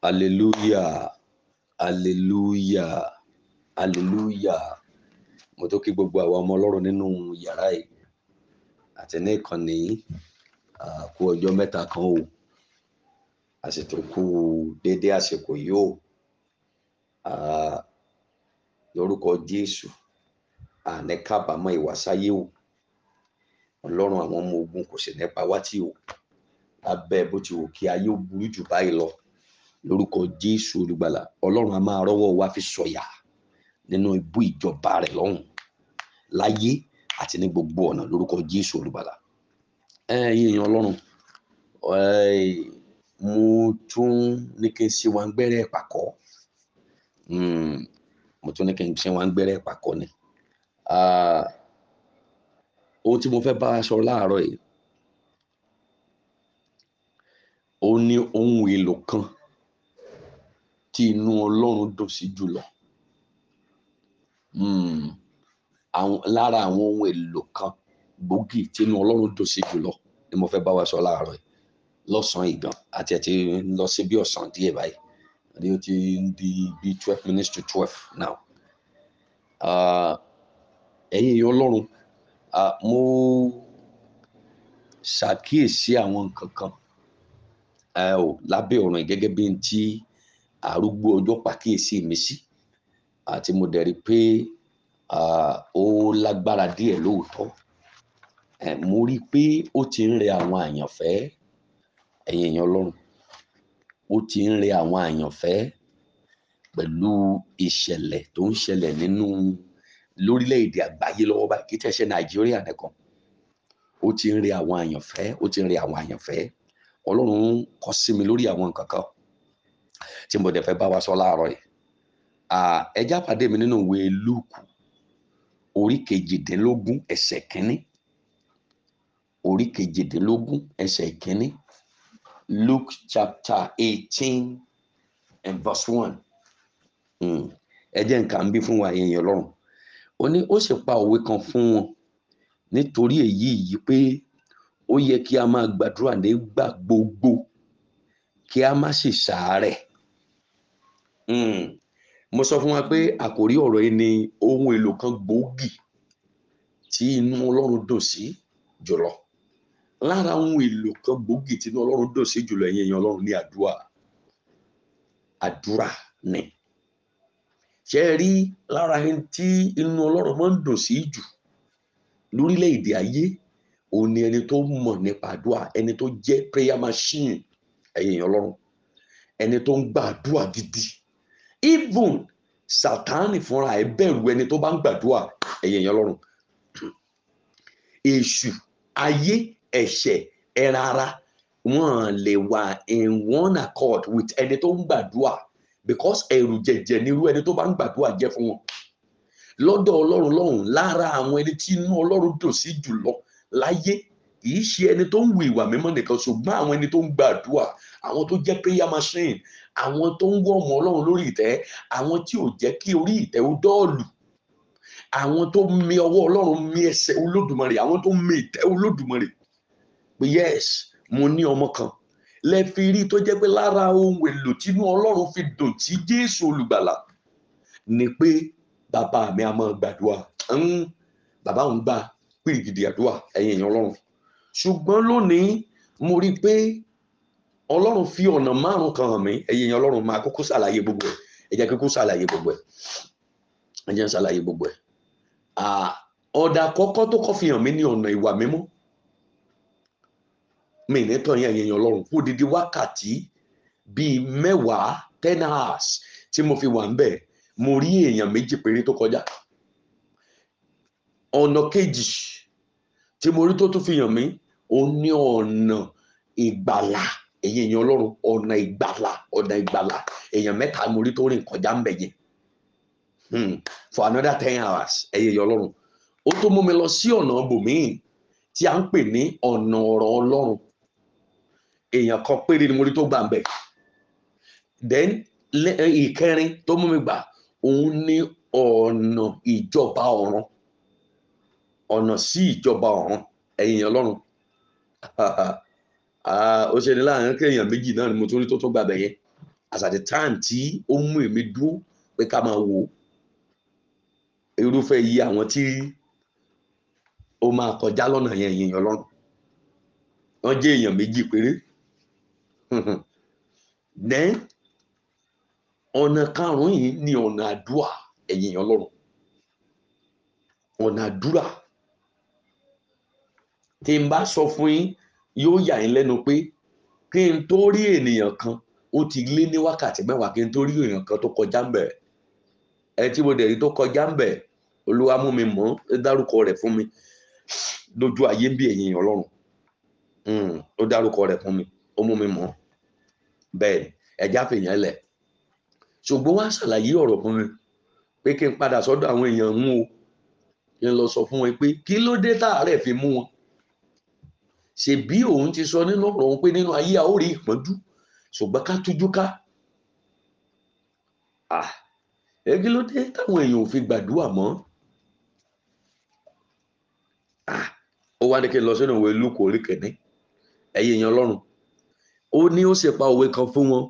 hallelujah hallelujah hallelujah mo tó kí gbogbo àwa ọmọ ọlọ́run nínú yàrá yìí àti ní ìkànnì kú ọjọ́ mẹ́ta kan o àsìkò kú dédé àsìkò yìí o lórúkọ jésù àní kábàámọ̀ ìwàsáyé o ọlọ́run àwọn ọmọ ogun kò sì nípa wá tí o lábẹ́ bó ti wù kí ayé ó burú jù báyìí lọ lórúkọ jésù olùgbàlà ọlọ́run a máa rọ́wọ́ wa fi sọ̀yà nínú ibú ìjọba rẹ̀ lọ́hùn láyé àti ní gbogbo ọ̀nà lórúkọ jésù olùgbàlà ẹ̀yin èèyàn ọlọ́run mo tún ní kí n ṣe wa ń gbẹ́rẹ́ pàkọ́ hmm, mo tún ní kí n ṣe wa ń gbẹ́rẹ́ pàkọ́ ni ohun tí mo fẹ́ bá a láàárọ̀ yìí ó ní ohun èlò kan tí inú Ọlọ́run dùn sí jùlọ hmm. lára àwọn ohun èlò kan gbòógì tí inú Ọlọ́run dùn sí jùlọ ni mo fẹ́ bá wa sọ láàárọ̀ yìí lọ́sàn-án ìgbọ̀n àti ẹ̀tí lọ sí bí ọ̀sán díẹ̀ báyìí ni ó ti ń di bí twelve minutes to twelve now ẹ̀yin èèyàn Ọlọ́run mo ṣàkíyèsí àwọn nǹkan kan lábẹ́ ọ̀ràn gẹ́gẹ́ bí n tí arúgbó ọjọ́ pàkíyèsí mi sí àti mo dẹ̀ rí pé ó lágbára díẹ̀ lóòótọ́ mo rí i pé ó ti ń rẹ àwọn àyànfẹ́ ẹ̀yin èèyàn ọlọ́run ó ti ń rẹ àwọn àyànfẹ́ pẹ̀lú ìṣẹ̀lẹ̀ tó ń ṣẹlẹ̀ nínú lórílẹ̀‐èdè àgbáyé lọ́wọ́ báyìí kí tẹ̀sẹ̀ nàìjíríà nìkan ó ti ń rẹ àwọn àyànfẹ́ ó ti ń rẹ àwọn àyànfẹ́ ọlọ́run kọ sí mi lórí àwọn nǹkan tí mo dẹ̀ fẹ́ bá wa sọ láàárọ̀ yìí ẹjá pàdé mi nínú ìwé lúùkù orí kejìdínlógún ẹsẹ̀ kínní orí kejìdínlógún ẹsẹ̀ kínní Luke chapter eighteen and verse one hmm. ẹjẹ́ nǹkan bí fún wa èèyàn lọ́rùn ó ní ó sì pa òwe kan fún wọn nítorí èyí yìí pé ó yẹ kí a máa gbàdúrà nígbà gbogbo kí a má sì ṣàárẹ̀. Hmm. mo sọ fún wa pé àkòrí ọ̀rọ̀ yìí ni ohun èlò kan gbòógì tí inú ọlọ́run dùn sí jùlọ lára ohun èlò kan gbòógì tí inú ọlọ́run dùn sí jùlọ ẹ̀yin èèyàn ọlọ́run ní àdúrà àdúrà ni ṣe rí lára ẹni tí inú ọlọ́run máa ń dùn sí jù lórílẹ̀‐èdè ayé òun ni ẹni tó mọ̀ nípa àdúrà ẹni tó jẹ́ prayer machine ẹ̀yin èèyàn ọlọ́run ẹni tó ń gba àdúrà gidi even sátánì fúnra ẹ̀ bẹ̀rù ẹni tó bá ń gbàdúrà ẹ̀yẹ yẹn lọ́rùn èṣù ayé ẹ̀ṣẹ̀ ẹ̀ra ara wọ́n lè wà in one accord with ẹni tó ń gbàdúrà because ẹ̀rù jẹ̀jẹ̀ nírú ẹni tó bá ń gbàdúrà jẹ́ fún wọn lọ́dọ̀ ọlọ́run lọ́hùn lára àwọn ẹni tí inú ọlọ́run dùn sí jùlọ láyé kì í ṣe ẹni tó ń wu ìwà mímọ́ nìkan ṣùgbọ́n àwọn ẹni tó ń gbàdúrà àwọn tó jẹ́ prayer machine àwọn tó ń wọ́ ọmọ ọlọ́run lórí ìtẹ́ àwọn tí ò jẹ́ kí orí ìtẹ́ ó dọ́ọ̀lù àwọn tó mi ọwọ́ ọlọ́run mi ẹsẹ̀ olódùmarè àwọn tó mi ìtẹ́ olódùmarè pé yes mo ní ọmọ kan lẹ́ẹ̀fi rí tó jẹ́ pé lára ohun èlò tínú ọlọ́run fi dùn tí jésù olùgbàlà ni pé bàbá mi a máa gbàdúrà bàbá òun gbà pé gidi àdúrà ẹ̀yin èèyàn ọlọ́run ṣùgbọ́n lónìí mo rí i pé ọlọ́run fi ọ̀nà márùn kan hàn mí ẹ̀yin èèyàn ọlọ́run máa kúkú ṣàlàyé gbogbo ẹ̀ ẹ jẹ́ kúkú ṣàlàyé gbogbo ẹ̀ ẹ jẹ́ ṣàlàyé gbogbo ẹ̀ ọ̀dà àkọ́kọ́ tó kọ́ fi hàn mí ní ọ̀nà ìwà mímọ́ mi ní tọ́ yẹn ẹ̀yin ọlọ́run fún odidi wákàtí bíi mẹ́wàá ten hours tí mo fi wà ń bẹ̀ mo rí èèyàn méjì péré tó kọjá ọ̀nà kejì tí mo rí tó tún fi hàn mí ó ní ọ̀nà ìgbàlà èyí èyàn ọlọ́run ọ̀nà ìgbàlà ọ̀nà ìgbàlà èyàn mẹ́ta mo rí tó rìn kọjá ń bẹ̀ yẹn hmm. for another ten hours èyí èyàn ọlọ́run ó tó mú mi lọ sí ọ̀nà bòmíì tí a ń pè ní ọ̀nà ọ̀rọ̀ ọlọ́run èèyàn kan péré ni mo rí tó gbà ń bẹ̀ then ìkẹrin tó mú mi gbà òun ní ọ̀nà ìjọba ọ̀run ọ̀nà sí ìjọba ọ̀run èyí èyàn ọlọ́run Ah, ó ṣe ní láàrin kéèyàn méjì náà ni mo tún rí tó tó gbàgbẹ́ yẹn as at the time tí ó mú èmi dúró pé ká máa wo irúfẹ́ iye àwọn tí ó máa kọjá lọ́nà yẹn èèyàn lọ́nà wọ́n jẹ́ èèyàn méjì péré then ọ̀nà karùn-ún yìí ni ọ̀nà àdúrà ẹ̀yìn ọlọ́run ọ̀nà àdúrà tí n bá sọ fún yín yóò yà yín lẹ́nu pé kí n tó rí ènìyàn kan ó ti lé ní wákàtí mẹ́wàá kí n tó rí èèyàn kan tó kọjá ń bẹ̀ ẹ tí mo dẹ̀ rí tó kọjá ń bẹ̀ olúwa mú mi mọ́ ẹ dárúkọ rẹ̀ fún mi lójú ayé ń bí ẹ̀yìn ọlọ́run hmm, ó dárúkọ rẹ̀ fún mi ó mú mi mọ́ bẹ́ẹ̀ ẹ̀já fèèyàn lẹ̀ ṣùgbọ́n wá ṣàlàyé ọ̀rọ̀ fún mi pé kí n padà sọ́dọ̀ àwọn èèyàn mú o kí n lọ sọ fún wọn pé kí ló dé táàárẹ̀ fi mú wọn ṣe bí òun ti sọ nínú ọ̀rọ̀ òun pé nínú ayé a ó rí ìpọ́njú ṣùgbọ́n ká tújú ká èyí ló dé táwọn èèyàn ò fi gbàdúrà mọ́ ó wá ní kí n lọ sínú ìwé lúkọ orí kẹ̀ní ẹ̀yìn èèyàn ọlọ́run ó ní ó sì pa òwe kan fún wọn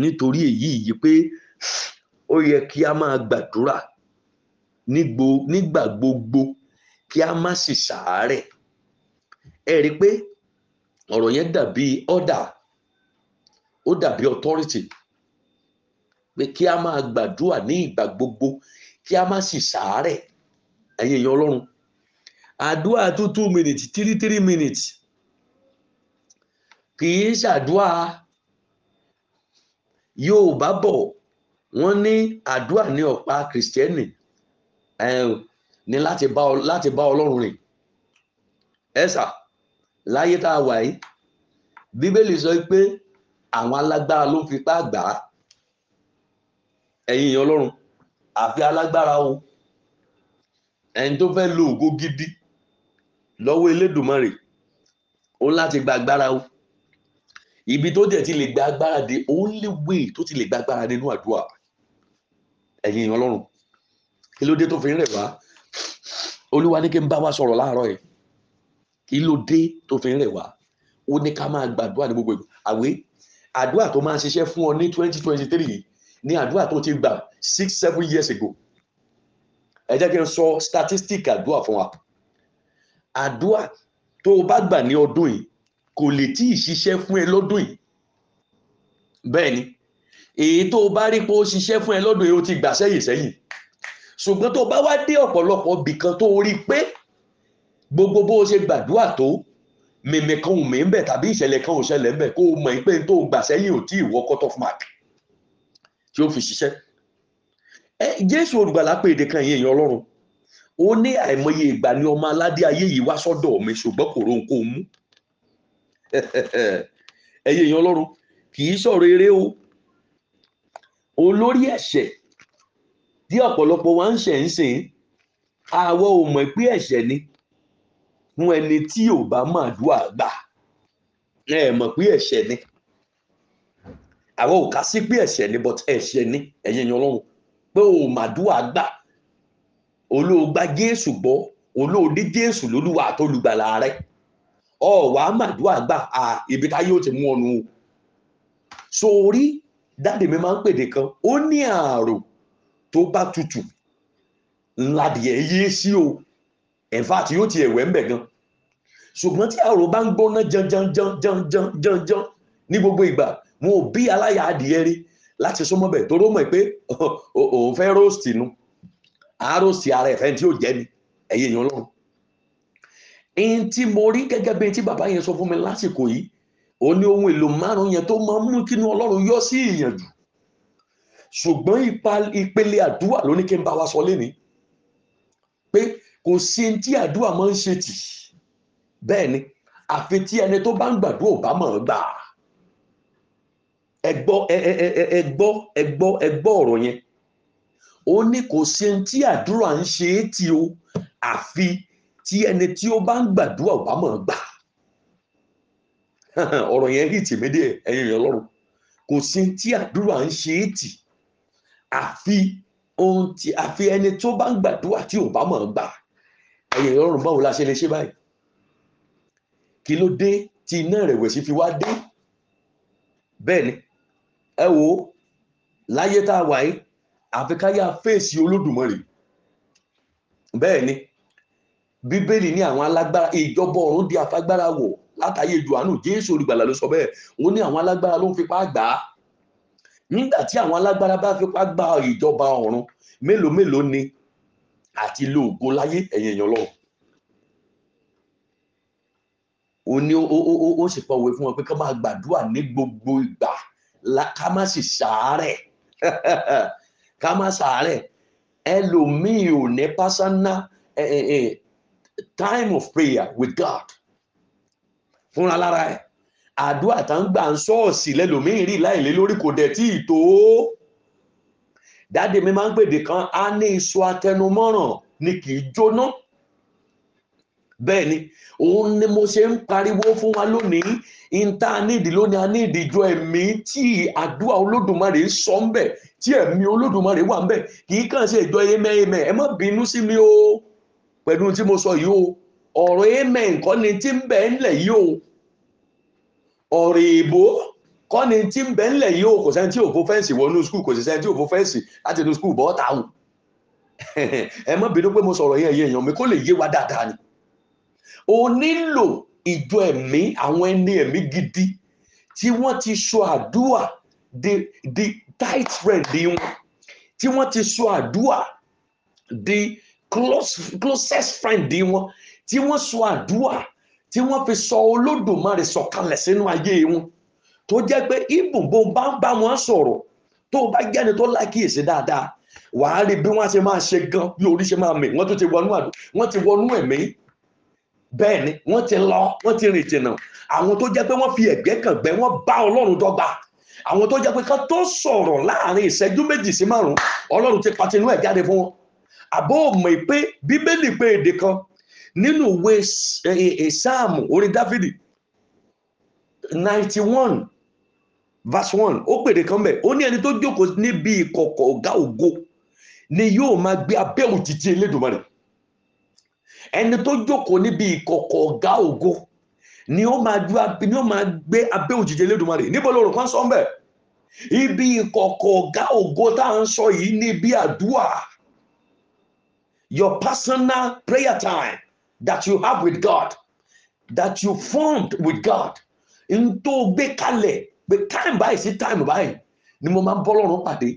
nítorí èyí yìí pé ó yẹ kí a máa gbàdúrà nígbà gbogbo kí a má sì ṣàárẹ̀ ẹ rí pé ọ̀rọ̀ yẹn dàbí order ó dàbí authority pé kí a máa gbàdúrà ní ìgbà gbogbo kí a má sì sàárẹ̀ ẹ̀yin èèyàn ọlọ́run àdúrà two two minutes three three minutes kì í ṣàdúrà yóò bá bọ̀ wọ́n ní àdúrà ní ọ̀pá kìrìsìtẹ́nì ní láti bá ọlọ́run rìn ẹ̀sà. Eh, láyé tá a wà yìí bíbélì sọ pé àwọn alágbára ló ń fipá gbà á ẹ̀yin ìyẹn ọlọ́run àfi alágbára o ẹni tó fẹ́ lo ògo gidi lọ́wọ́ elédùnmarè ó láti gba agbára o ibi tó dẹ̀ ti lè gba agbára dé only way tó ti lè gba agbára nínú àdúrà ẹ̀yin ìyẹn ọlọ́run kí ló dé tó fi ń rẹ̀ wá olúwa ní kí n bá wa sọ̀rọ̀ láàárọ̀ yìí kí ló dé tó fi ń rẹ̀ wá ó ní ká máa gbàdúrà ní gbogbo ìgbà àwé àdúrà tó máa ń ṣiṣẹ́ fún ọ ní twenty twenty three ní àdúrà tó ti gbà six seven years ago ẹ jẹ́ kí n sọ statistic àdúrà fún wa àdúrà tó o bá gbà ní ọdún yìí kò lè tí ì ṣiṣẹ́ fún ẹ lọ́dún yìí bẹ́ẹ̀ ni èyí tó o bá rí pé ó ṣiṣẹ́ fún ẹ lọ́dún yìí ó ti gbà sẹ́yìn sẹ́yìn ṣùgbọ́n tó o bá wá dé ọ̀pọ̀lọpọ̀ bìkan tó o rí pé gbogbo bó o ṣe gbàdúrà tó mèmè kan ò mí ń bẹ̀ tàbí ìṣẹ̀lẹ̀ kan ò ṣẹlẹ̀ ń bẹ̀ kó o mọ̀ pé n tó gbà sẹ́yìn ò tí ì wọ cut off mark tí ó fi ṣiṣẹ́ ẹ jésù olùgbàlà pé èdè kan yìí èèyàn ọlọ́run ó ní àìmọye ìgbà ni ọmọ aládé ayé yìí wá sọ́dọ̀ mi ṣùgbọ́n kò rohun kó o mú ẹ̀yin èèyàn ọlọ́run kì í sọ̀rọ̀ eré o olórí ẹ̀ṣẹ̀ tí ọ̀pọ̀lọpọ̀ wa ń ṣẹ̀ ń sìn àwọ̀ ò mọ̀ ẹ̀ṣẹ̀ ni fún ẹni tí ò bá máa dùà gbà ẹ mọ̀ pé ẹ̀ṣẹ̀ ni àwọn ò ká sí pé ẹ̀ṣẹ̀ ni but ẹ̀ṣẹ̀ ni ẹ̀yin ẹ̀yin ọlọ́run pé ò máa dùà gbà olóògbà jésù gbọ́ olóòdí jésù lólúwa àtolùgbàlà rẹ ọ̀wà màdùà gbà à ibi táyé ó ti mú ọnu o sórí dáàdì mi máa ń pèdè kan ó ní ààrò tó bá tutù ńlá dìé yé sí o in fact yóò ti ẹ̀wẹ̀ ń bẹ̀ gan ṣùgbọ́n tí àrò bá ń gbóná janjanjanjanjanjan ní gbogbo ìgbà wọn ò bí aláya adìyẹ rí láti súnmọ́ bẹ̀ tó rómọ̀ pé òun fẹ́ róòsì nu àáròsì ara ẹ̀fẹ́ tí ó jẹ́ ni ẹ̀yẹ èèyàn lọ́rùn ẹni tí mo rí gẹ́gẹ́ bí tí bàbá yẹn sọ fún mi lásìkò yìí ó ní ohun èlò márùn-ún yẹn tó máa ń mú kínú ọlọ́run yọ sí ìyànjú ṣùgbọ́n ìpele àdúrà ló kí n bá wa sọ lénìí pé kò sí ní tí àdúrà máa ń ṣe tì bẹ́ẹ̀ ni àfi tí ẹni tó bá ń gbàdúrà ò bá mọ̀ ọ́n gbà ẹgbọ́ ẹgbọ́ ẹgbọ́ ẹgbọ́ ọ̀rọ̀ yẹn ó ní kò sí ní tí àdúrà ń ṣe é tì o àfi tí ẹni tí ó bá ń gbàdúrà ò bá mọ̀ ọ́n gbà ọ̀rọ̀ yẹn rí tìmídé ẹ̀yin èèyàn lọ́rùn kò sí ní tí àdúrà ń ṣe é tì àfi ohun tí àfi ẹni tó bá ń gbàdúrà tí ò bá mọ̀ ọ́n gbà ẹ̀yìn ìrọ̀rùn báwo la ṣe lè ṣe báyìí kí ló dé tí iná ìrẹ̀wẹ̀sì fi wá dé bẹ́ẹ̀ ni ẹ wo láyé tá a wà yìí àfi ká yá fèsì olódùmarè bẹ́ẹ̀ ni bíbélì ní àwọn alágbára ìjọba ọ̀run di àfagbára wọ̀ látàyè johannu jésù olùgbàlà ló sọ bẹ́ẹ̀ wọ́n ní àwọn alágbára ló ń fipá gbà á nígbà tí àwọn alágbára bá fipá gba ìjọba ọ̀run mélòó mélòó ni àti lo ògo láyé ẹ̀yin èèyàn lọ́wọ́ o ní ó sì pọ̀wé fún wọn pé ká máa gbàdúrà ní gbogbo ìgbà ká má sì ṣàárẹ̀ ká má ṣàárẹ̀ ẹlòmíì ò ní personal time of prayer with God fúnra lára ẹ̀ àdúrà tá ń gbà ń sọ́ọ̀sì lẹ́lòmíì rí láìlé lórí kò dẹ̀ tí ì tó dáàdì mi máa ń gbèdè kan á ní iṣu atẹnumọ́ràn ni kì í jóná bẹ́ẹ̀ ni òun ni mo ṣe ń pariwo fún wa lónìí ìta nídìí lónìí a ní ìdíjọ ẹ̀mí tí àdúrà olódùmarè sọ ń bẹ̀ tí ẹ̀mí olódùmarè wà ń bẹ̀ kì í kàn ṣe ìjọ ẹ̀mẹ́ ẹ̀mẹ́ ẹ má bínú sí mi o pẹ̀lú tí mo sọ yìí o ọ̀rọ̀ ẹ̀mẹ́ nǹkan ni tí ń bẹ̀ ń lẹ̀ yìí o ọ̀rọ̀ èèbó kọ́ ni tí ń bẹ ńlẹ̀ yìí o kò sẹ́ni tí ò fo fẹ́ǹsì wọnú skul kò sì sẹ́ni tí ò fo fẹ́ǹsì láti inú skul bọ́ tààwù ẹ má bínú pé mo sọ̀rọ̀ yẹn èèyàn mi kó lè yé wa dáadáa ni o nílò ìjọ ẹ̀mí àwọn ẹni ẹ̀mí gidi tí wọ́n ti sọ àdúà di tight friend wọn tí wọ́n ti sọ àdúà di close closest friend wọn tí wọ́n sọ àdúà tí wọ́n fi sọ Olódùmarè sọ̀kalẹ̀ sínú ayé wọn tó jẹ́ pé ibùn bó bá ń bá wọn sọ̀rọ̀ tó bá jẹ́ni tó lákìyèsí dáadáa wàá rí bí wọ́n ṣe máa ṣe gan bí orí ṣe máa mì wọ́n tún ti wọnú àdó wọ́n ti wọnú ẹ̀mí bẹ́ẹ̀ ni wọ́n ti lọ wọ́n ti rìn jìnnà àwọn tó jẹ́ pé wọ́n fi ẹ̀gbẹ́ kan gbẹ́ wọ́n bá ọlọ́run dọ́gba àwọn tó jẹ́ pé kan tó sọ̀rọ̀ láàrin ìṣẹ́jú méjì sí márùn-ún ọlọ́run ti patinú ẹ̀ jáde fún wọn àbó mọ̀ pé bíbélì pé èdè kan nínú ìwé eh, eh, sáàmù orin dáfídì ninety one verse one ó pèrè kan bẹ̀ ó ní ẹni tó jókòó níbi ìkọ̀kọ̀ ọ̀gá ògo ni yóò máa gbé abẹ́ òjìji Elédùmarè ẹni tó jókòó níbi ìkọ̀kọ̀ ọ̀gá ògo ni ó máa gbé abẹ́ òjìji Elédùmarè níbo lóòrùn kan sọ bẹ́ẹ̀ ibi ìkọ̀kọ̀ ọ̀gá ògo tá à ń sọ yìí ní bí àdúà your personal prayer time that you have with God that you formed with God n tó gbé kalẹ̀ pé time báyìí sí time báyìí ni mo máa ń bọ́ lọ́rùn pàdé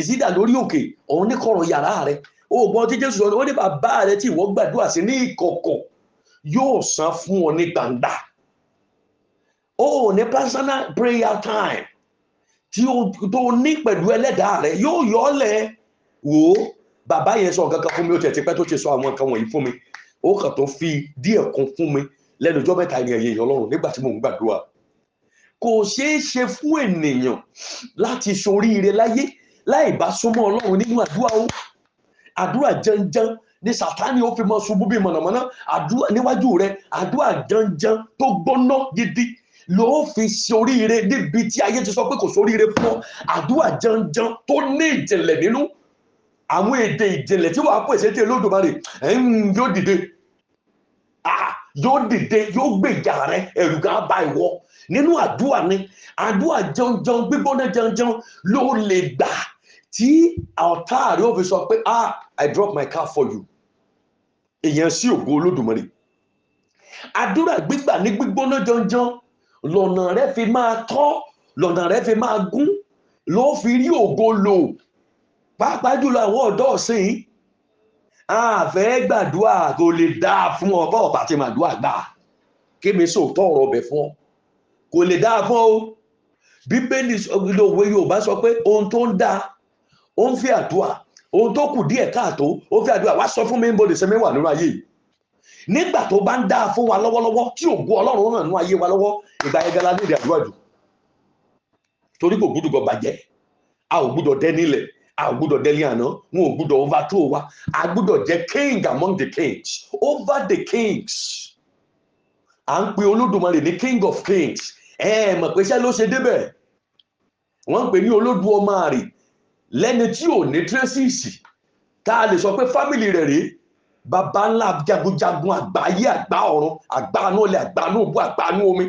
ìsídà lórí òkè òun ní kọ̀rọ̀ yàrá rẹ oògùn tí jésù sọ ó ní bàbá rẹ tí ìwọ gbàdúrà sí ní ìkọ̀kọ̀ yóò san fún ọ ní gbangba o ò ní personal prayer time tí o tó ní pẹ̀lú ẹlẹ́dàá rẹ yóò yọ ọ́ lẹ̀ wò ó bàbá yẹn sọ nǹkan kan fún mi ó tẹ̀tí pẹ́ tó ti sọ àwọn nǹkan wọ̀nyí fún mi ó kàn tó fi díẹ̀ kún fún mi lẹ́nu ọjọ́ mẹ́ta ni ẹ̀yẹ ìyọlọ́run nígbà tí mò ń gbàdúrà kò ṣeé ṣe fún ènìyàn láti ṣoríire láyé láì bá súnmọ́ ọlọ́run nínú àdúrà ó àdúrà janjan ni sàtáni ó fi mọ ṣubú bíi mọ̀nàmọ́ná àdúrà níwájú rẹ àdúrà janjan tó gbóná gidi ló fi ṣoríire níbi tí ayé ti sọ pé kò ṣoríire fún ọ àdúrà janjan tó ní ìjìnlẹ̀ nínú àwọn èdè ìjìnlẹ̀ tí wàá pèsè tí Olódùmarè yóò dìde ah, yóò dìde yóò gbèjà rẹ ẹ̀rù gan bá ìwọ nínú àdúrà ni àdúrà jọ̀njọ̀n gbígbóná jọ̀njọ̀n ló lè gbà tí ọ̀tá rẹ̀ ó fi sọ pé ah I drop my car for you èèyàn sí ògo olódùmarè àdúrà gbígbà ní gbígbóná jọ̀njọ̀n lọ́nà rẹ̀ fi máa tọ́ lọ́nà rẹ̀ fi máa gún ló fi rí ògo lò pàápàá jùlọ àwọn ọ̀dọ́ ọ̀sìn yìí àfẹ́ gbàdúrà kò lè dáa fún ọ bọ́ọ̀ bá ti màdúrà gbà kémi sóòótọ́ ọ̀rọ̀ ọbẹ̀ fún ọ kò lè dáa fún o bíbélì òwe yorùbá sọ pé ohun tó ń dáa ó ń fi àdúrà ohun tó kù díẹ̀ káàtó ó fi àdúrà wá sọ fún mi ń bo lèṣẹ́ mẹ́wàá nínú ayé yìí nígbà tó bá ń dáa fún wa lọ́wọ́lọ́wọ́ tí ògo ọlọ́run náà nínú ayé wa lọ́wọ́ ìgbà yẹn gala ní ìdí àdúrà jù torí kò gbúdùgọ bàjẹ́ a ò gbúdọ̀ dẹ́ nílẹ̀ a ò gbúdọ̀ dẹ́lé àná wọn ò gbúdọ̀ overthrow wa a gbúdọ̀ jẹ́ king among the kings over the kings à ń pe olódùmarè ní king of kings ẹ mọ̀ pé iṣẹ́ ló ṣe débẹ̀ wọ́n ń pè ní olódù ọmọ àrè lẹ́ni tí ò ní tírẹ́sìsì tá a lè sọ pé fámìlì rẹ̀ rèé bàbá ńlá jagunjagun àgbà ayé àgbà ọ̀run àgbà anú ọlẹ̀ àgbà anú òbú àgbà anú omi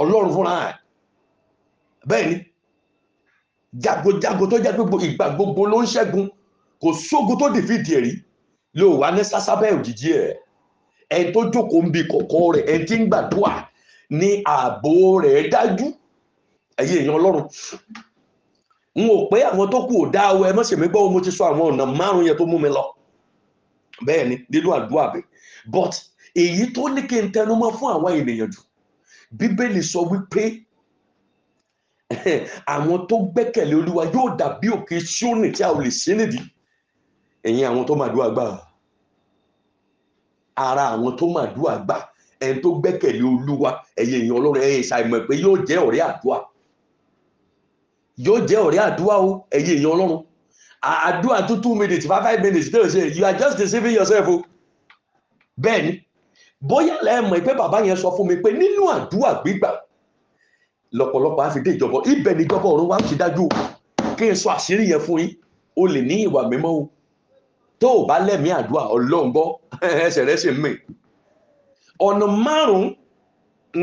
ọlọ́run fúnra ẹ̀ bẹ́ẹ̀ ni jagunjagun tó jẹ́ gbogbo ìgbà gbogbo ló ń ṣẹ́gun kò sógun tó dìfìdì ẹ̀rí ló wà ní sásábẹ́ òjijì ẹ̀ ẹ̀ tó jókòó ń bi kọ̀ọ̀kan rẹ̀ ẹ̀ ti ń gbàdúrà ni ààbò rẹ̀ dájú ẹ̀yin èèyàn ọlọ́run n ò pé àwọn tó kù ò dá awọ ẹ má ṣe mí mo ti sọ àwọn ọ̀nà márùn-ún yẹn tó mú mi lọ bẹ́ẹ̀ ni nínú àdúrà mi but èyí tó ní kí n tẹnumọ́ fún àwọn ènìyàn jù bíbélì sọ wípé àwọn tó gbẹ́kẹ̀lé olúwa yóò dàbí òkè ṣóòní tí a ò lè ṣe nídìí ẹ̀yin àwọn tó máa dúà gbà ara àwọn tó máa dúà gbà ẹni tó gbẹ́kẹ̀lé olúwa ẹ̀yin èèyàn ọlọ́run ẹ̀yin ṣàìmọ̀ pé yóò jẹ́ ọ̀rẹ́ àdúrà yóò jẹ́ ọ̀rẹ́ àdúrà o ẹ̀yin èèyàn ọlọ́run àdúrà tó two minutes five five minutes tẹ́lẹ̀ ṣe you are just deceiving yourself o bẹ́ẹ̀ ni bóyá lẹ́ẹ̀mọ̀ pé bàbá yẹn sọ fún mi pé nínú àdúrà gbígbà lọ́pọ̀lọpọ̀ á fi dé ìjọba ibẹ̀ ni ìjọba ọ̀run wa ń ti dájú o kí n sọ àṣírí yẹn fún yín o lè ní ìwà mímọ́ o tó o bá lẹ́mìí àdúrà ọlọ́run ẹsẹ̀ rẹ sì ń ọ̀nà márùn-ún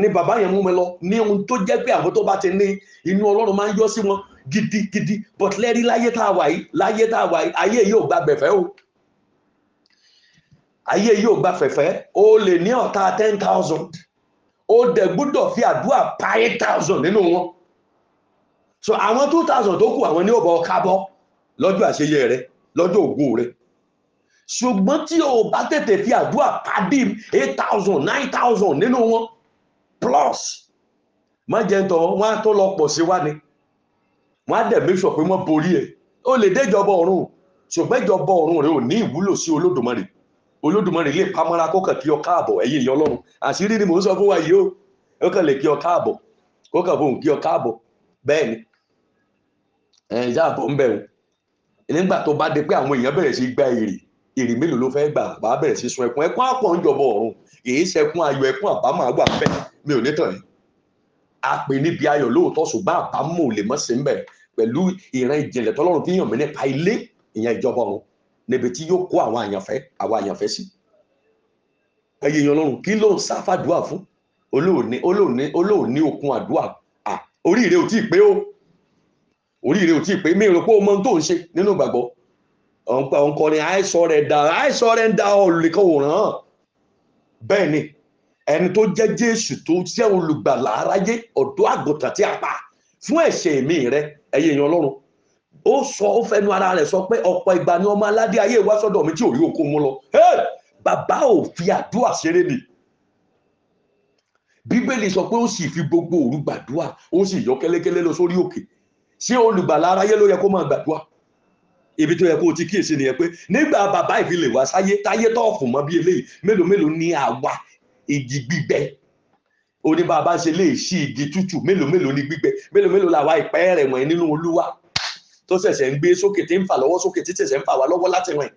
ni bàbá yẹn mú mi lọ ní ohun tó jẹ́ pé àwọn tó bá ti ní inú ọlọ́run máa ń yọ sí wọn gidigidi but lẹ́rí láyé tá a wà yìí láyé tá a wà yìí ayé yìí ò gba gbẹ̀fẹ́ o ayé yìí ò gba fẹ̀fẹ́ o lè ní ọ̀tá ten thousand o dẹ̀ gbúdọ̀ fi àdúrà pa eight thousand nínú wọn so àwọn two thousand tó kù àwọn ní ò bọ̀ ọ́ kábọ́ lọ́jọ́ àṣeyẹ rẹ lọ́jọ́ ògo rẹ ṣùgbọ́n tí o bá tètè fi àdúrà pàdé eight thousand nine thousand nínú wọn plus má jẹ́ ń tọ̀wọ́ wọn á tó lọ pọ̀ sí wá ni wọn á dẹ̀ make sure pé wọ́n borí ẹ̀ ó lè déjọba ọ̀run ṣùgbọ́n ìjọba ọ̀run rẹ̀ ò ní ìwúlò sí olódùmarè olódùmarè lè pamọ́ra kó kàn kí ọ káàbọ̀ ẹ̀yin ìyá ọlọ́run àṣírí ni mò ń sọ fún wa yìí o ó kàn lè kí ọ káàbọ̀ ó kàn fóun kí ọ káàbọ̀ bẹ́ẹ̀ ni ẹ̀yìn ìyá àbọ̀ ń bẹ̀rù nígbà tó bá dé pé àwọn èèyàn bẹ̀rẹ̀ sí gba èrè èrè mélòó ló fẹ́ gbà bá bẹ̀rẹ̀ sí sun ẹkún ẹkún àpọ̀ ń jọbọ ọ̀run èyí ṣẹkún ayọ̀ ẹkún àbámọ̀ àgbà fẹ́ mi ò ní tàn ẹ́ a pè níbi ayọ̀ lóòótọ́ ṣùgbọ́n àbámọ̀ ò lè mọ́ sí ń bẹ̀ pẹ̀lú ìran ìjìnlẹ̀ tọ́lọ́run fi yàn mí nípa ilé ìyẹn ìjọba ọ̀run níbi tí yóò kó àwọn àyànfẹ́ àwọn àyànfẹ́ sí ẹyẹ èèyàn ọlọ́run kí ló ń sáfàdúà fún olóòní olóòní olóòní okun àdúà oríire ò tí ì pé ó oríire ò tí ì pé mi ò rò pé o mọ ohun tó ń ṣe nínú ìgbàgbọ́ òǹkọrin àìsàn rẹ̀ dà àìsàn rẹ̀ ń da olùkọ́ òràn bẹ́ẹ̀ ni ẹni tó jẹ́ jésù tó jẹ́ olùgbàlà aráyé ọ̀dọ́ àgùntàn tí a pa fún ẹ̀ṣẹ̀ mi rẹ ẹ̀yẹ èèyàn ọlọ́run ó sọ ó fẹnu ara rẹ̀ sọ pé ọ̀pọ̀ ìgbà ni ọmọ aládé ayé wá sọ́dọ̀ mi tí ò rí òkú mu lọ bàbá ò fi àdúrà ṣeré ni bíbélì sọ pé ó sì fi gbogbo òru gbàdúrà ó sì yọ kẹ́lẹ́kẹ́lẹ́ lọ sórí òkè ṣé olùgbàlà aráyé ló yẹ kó máa gbàdúrà ibi tó yẹ kó o ti kíyèsí nìyẹn pé nígbà bàbá ìfilè wá sáyé táyé tọ́ọ̀fù mọ́ bí eléyìí mélòó mélòó ní àwa igi gbígbẹ oní bàbá ṣe lè ṣí igi tútù mélòó mélòó ní gbígbẹ mélòó mélòó làwa ìpẹ́ rẹ̀ wọ̀nyí nínú olúwa tó ṣẹ̀ṣẹ̀ ń gbé sókè tí ń fà lọ́wọ́ sókè tí ṣẹ̀ṣẹ̀ ń fà wá lọ́wọ́ láti rìn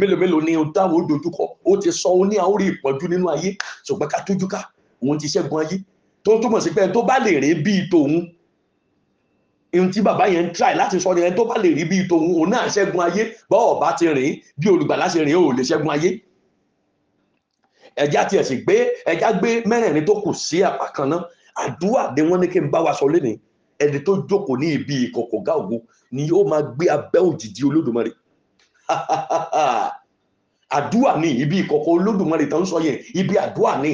mélòó mélòó ni táwọn ó dojúkọ ó ti sọ ó ní àwọn orí ìpọ́njú nínú ayé ṣùgbọ́n ká tójú ká òun ti ṣẹ́gun ayé tó túmọ̀ sí pé tó bá lè rèé bíi tòun ohun tí bàbá yẹn ń try láti sọ ni ẹni tó bá lè rí bíi tòun òun náà ṣẹ́gun ayé bọ́ọ̀ bá ti rìn bí olùgbàlà ṣe rìn ó lè ṣẹ́gun ayé ẹja tiẹ̀ sì gbé ẹja gbé mẹ́rẹ̀ẹ̀rin tó kù sí apá kan náà àdúrà ni wọ́n ní kí n bá wa sọ lẹ́nìí ẹni tó jókòó ní ibi ìkọ̀kọ̀ gá ògo ni yóò máa gbé abẹ́ òjìji olódùmarè àdúrà ni ibi ìkọ̀kọ̀ olódùmarè tó ń sọ yẹn ibi àdúrà ni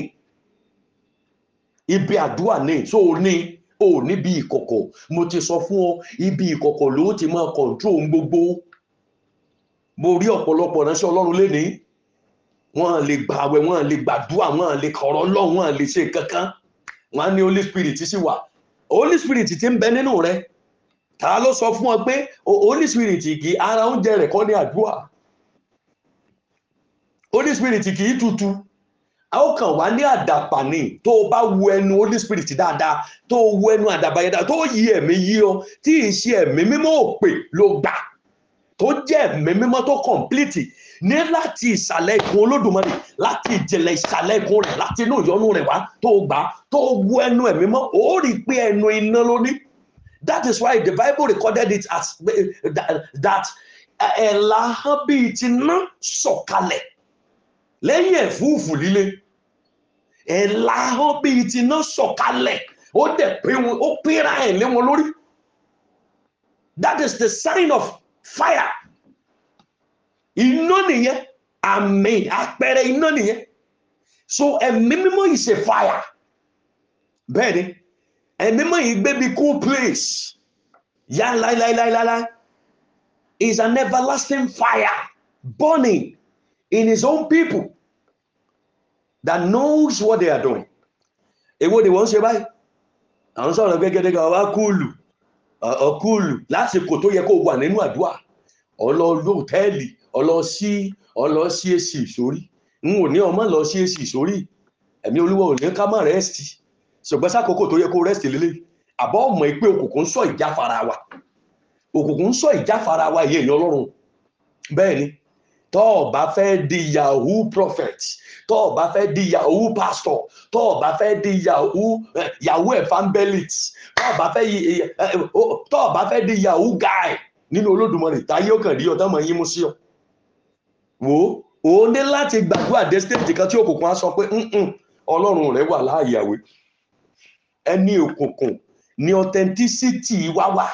ibi àdúrà ni so ní. So, o níbi ìkọ̀kọ̀ mo ti sọ fún ọ ibi ìkọ̀kọ̀ ló ti máa kọ̀ǹtró gbogbo mo rí ọ̀pọ̀lọpọ̀ ránṣẹ́ ọlọ́run lénìí wọ́n lè gbààwẹ̀ wọ́n lè gbàdúrà wọ́n lè kọ̀rọ̀ ọlọ́run wọ́n lè ṣe kankan wọ́n ní holy spirit sì wà holy spirit ti ń bẹ nínú rẹ ta ló sọ fún ọ pé holy spirit kì í ara oúnjẹ rẹ̀ kọ́ ní àdúrà holy spirit kì í tutù a ó kàn wá ní àdàpà ni tó o bá wo ẹnu holy spirit dáadáa tó o wo ẹnu àdàpà yẹn dáadáa tó o yí ẹ̀mí yí ọ tí ì ṣe ẹ̀mí mímọ́ òpè ló gbà tó jẹ́ ẹ̀mí mímọ́ tó kọ̀m̀plìtì ní láti ìsàlẹ̀ ikùn olódùmarè láti ìjìnlẹ̀ ìsàlẹ̀ ikùn rẹ̀ láti inú ìyọnu rẹ̀ wá tó gbà tó wo ẹnu ẹ̀mí mọ́ ó rí i pé ẹnu iná ló ní that is why the bible recorded it as eh, that ẹ̀là eh, bí ti ná sọ̀kalẹ̀. So lẹ́yìn ẹ̀fúùfù líle ẹ̀la ó bí ti náà sọ̀kalẹ̀ ó dẹ̀ pé wọn ó pínra ẹ̀ lé wọn lórí that is the sign of fire iná nìyẹn àmì àpẹẹrẹ iná nìyẹn so ẹ̀mí mímọ́ yìí ṣe fire bẹ́ẹ̀ ni ẹ̀mí mímọ́ yìí gbé cool place yá láíláíláíláí is an everlasting fire burning in his own people that knows what they are doing èwo ni wọ́n ń ṣe báyìí à ń sọ̀rọ̀ gẹ́gẹ́dẹ́ kan wá kúùlù ọ̀kúùlù lásìkò tó yẹ kó wà nínú àdúrà ọlọ lóòtẹ́ẹ̀lì ọlọ sí ọlọ sí èsì ìsórí n ò ní ọmọ lọ sí èsì ìsórí ẹ̀mí olúwa ò ní ká má rẹ́ẹ̀sì ṣùgbọ́n sákòókò tó yẹ kó rẹ́ẹ̀sì lélẹ̀ àbọ̀ ọmọ ìpè òkùnkùn ń sọ ìjáfara wa òkùnkùn ń sọ ìjáfara wa ìyẹn ìyẹn ọlọ́run bẹ́ẹ̀ ni tó o bá fẹ́ di yahoo prophet tó o bá fẹ́ di yahoo pastor tó o bá fẹ́ di yahoo yahoo evangelist tó o bá fẹ́ eh, eh, oh, bá fẹ́ di yahoo guy nínú olódùmarè táyé ó kàn rí ọtá mọ̀ yín mú sí ọ wò ó ó ní láti gbàdúrà dé stage kan tí òkùnkùn á sọ pé ọlọ́run rẹ̀ wà láàyàwó ẹni òkùnkùn ni authenticity wá wà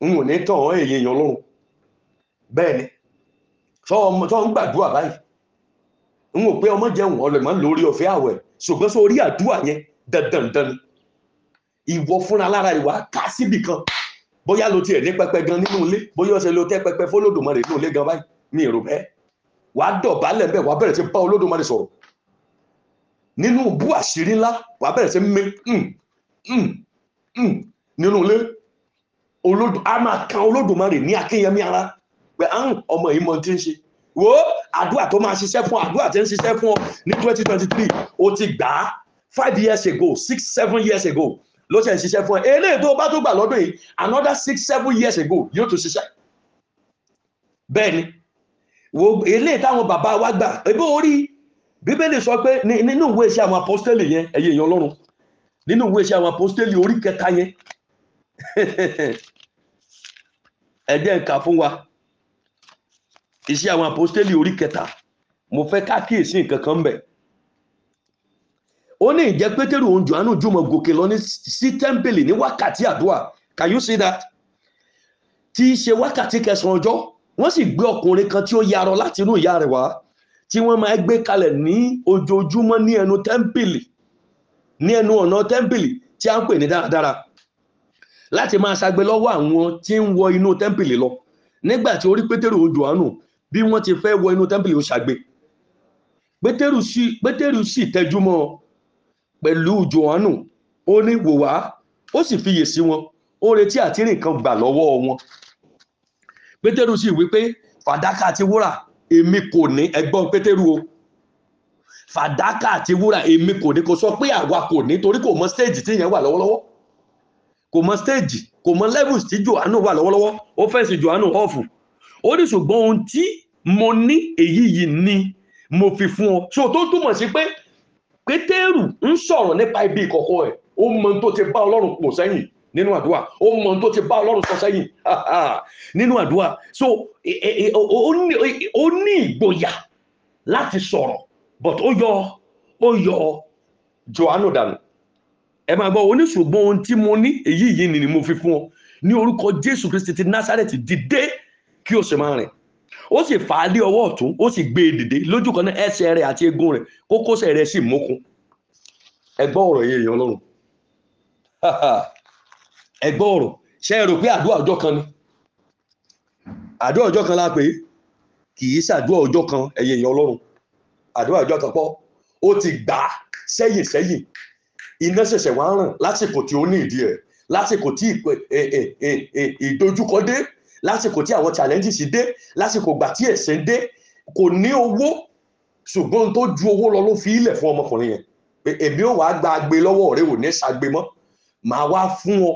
n ò ní tàn án èyí yan bẹ́ẹ̀ ni tó ń gbàdúrà báyìí n ò pé ọmọ jẹun ọlọ́mọ lórí ọ̀fẹ́ àwẹ̀ ṣùgbọ́n sórí àdúrà yẹn dandandan ìwọ fúnra lára ìwà ká síbì kan bóyá lo tiẹ̀ ní pẹpẹ gan nínú ilé bóyá ọ̀sẹ̀ lo tẹ́ pẹpẹ fọlọ́dùmarè nínú ilé gan báyìí mi ò rò bẹ́ẹ̀ wàá dọ̀bálẹ̀ bẹ́ẹ̀ wàá bẹ̀rẹ̀ sí bá Olódùmarè sọ̀rọ̀ nínú bú àṣírí ńlá wàá bẹ̀rẹ̀ sí mi hmm, hmm, hmm. nínú ilé a máa kan Olódùmarè ní akínyẹmí ara pé àrùn ọmọ yìí mọ ti ń ṣe wo àdúrà tó máa ṣiṣẹ́ fún àdúrà tó ń ṣiṣẹ́ fún ọ ní twenty twenty three o ti gbà á five years ago six seven years ago ló ṣe ń ṣiṣẹ́ fún ẹ eléyìí tó o bá tó gbà lọ́dún yìí another six seven years ago yóò tún ṣiṣẹ́ bẹ́ẹ̀ ni wo eléyìí táwọn bàbá wa gbà ebi orí bíbélì sọ pé nínú ìwé iṣẹ́ àwọn apọ́sítẹ́lì yẹn ẹ̀yẹ èèyàn ọlọ́run nínú ìwé iṣẹ́ àwọn apọ́sítẹ́lì orí kẹta yẹn ẹ̀jẹ̀ ń kà fún wa iṣẹ́ àwọn apostoli orí kẹta mo fẹ́ kákíyèsí nǹkan kan bẹ̀ ó ní ìjẹ́ pétérù òun johannu jùmọ̀ gòkè lọ sí tẹ́ḿpìlì ní wákàtí àdúrà can you see that tí í ṣe wákàtí kẹsàn-án ọjọ́ wọ́n sì gbé ọkùnrin kan tí ó yarọ láti inú ìyá rẹ̀ wá tí wọ́n máa gbé kalẹ̀ ní ojoojúmọ́ ní ẹnu tẹ́ḿpìlì ní ẹnu ọ̀nà tẹ́ḿpìlì tí a ń pè ní dáradára láti máa ṣagbe lọ́wọ́ àwọn tí ń wọ inú tẹ́ḿpìlì lọ nígbà tí orí pétérù òun johannu bí wọ́n ti fẹ́ wọ inú tẹ́ḿpìlì ó ṣàgbé pétérù sì tẹjúmọ́ pẹ̀lú johannu ó ní wòwá ó sì fiyè sí wọn ó retí àtìrìn kan gbà lọ́wọ́ wọn pétérù sì wí pé fàdákà àti wúrà èmi kò ní ẹ̀gbọ́n pétérù o fàdákà àti wúrà èmi kò ní kò sọ pé àwa kò ní torí kò mọ stéèjì tí ìyẹn wà lọ́wọ́lọ́wọ́ kò mọ stéèjì kò mọ levels tí johannu wà lọ́wọ́lọ́wọ́ ó fẹ̀sìn johannu ọ̀fù ó ní ṣùgbọ́n ohun tí mo ní èyí yìí ni mo fi fún ọ so tó túmọ̀ sí pé pétérù ń sọ̀rọ̀ nípa ibi ìkọ̀kọ̀ ẹ̀ ó mọ tó ti bá ọlọ́run pò sẹ́yìn nínú àdúrà ó mọ tó ti bá ọlọ́run sọ sẹ́yìn nínú àdúrà so ó e, e, e, ní ìgboyà láti sọ̀rọ̀ but ó yọ ó yọ johannu dànù ẹ máa gbọ́ oníṣùgbọ́n ohun tí mo ní èyí yìí ni mo fi fún ọ ní orúkọ jésù kristi ti násàrẹ́tì dìde kí o sì máa rìn ó sì fà á lé ọwọ́ ọ̀tún ó sì gbé e dìde lójú kan náà ẹsẹ̀ rẹ̀ àti egun rẹ̀ kókósẹ̀ rẹ̀ sì mókun ẹgbọ́ ọ̀rọ̀ yẹn èèyàn ọlọ́run ẹgbọ́ ọ̀rọ̀ ṣe é rò pé àdúrà ọjọ́ kan ni àdúrà ọjọ́ kan la pè é kì í ṣàdúrà ọjọ́ kan ẹ̀yìn èèyàn ọlọ́run àdúrà ọjọ́ kan pọ̀ ó ti gbà á sẹ́yìn sẹ́yìn iná ṣẹ̀ṣẹ̀ wá ń ràn lásìkò tí ó ní ìdí ẹ̀ lásìkò tí ìdojúkọ dé lásìkò tí àwọn challenges dé lásìkò gbà tí ẹ̀sẹ̀ dé kò ní owó ṣùgbọ́n tó ju owó lọ ló fi ilẹ̀ fún ọmọkùnrin yẹn pé èmi ò wá gba agbe lọ́wọ́ rẹ ò ní ṣagbe mọ́ màá wá fún ọ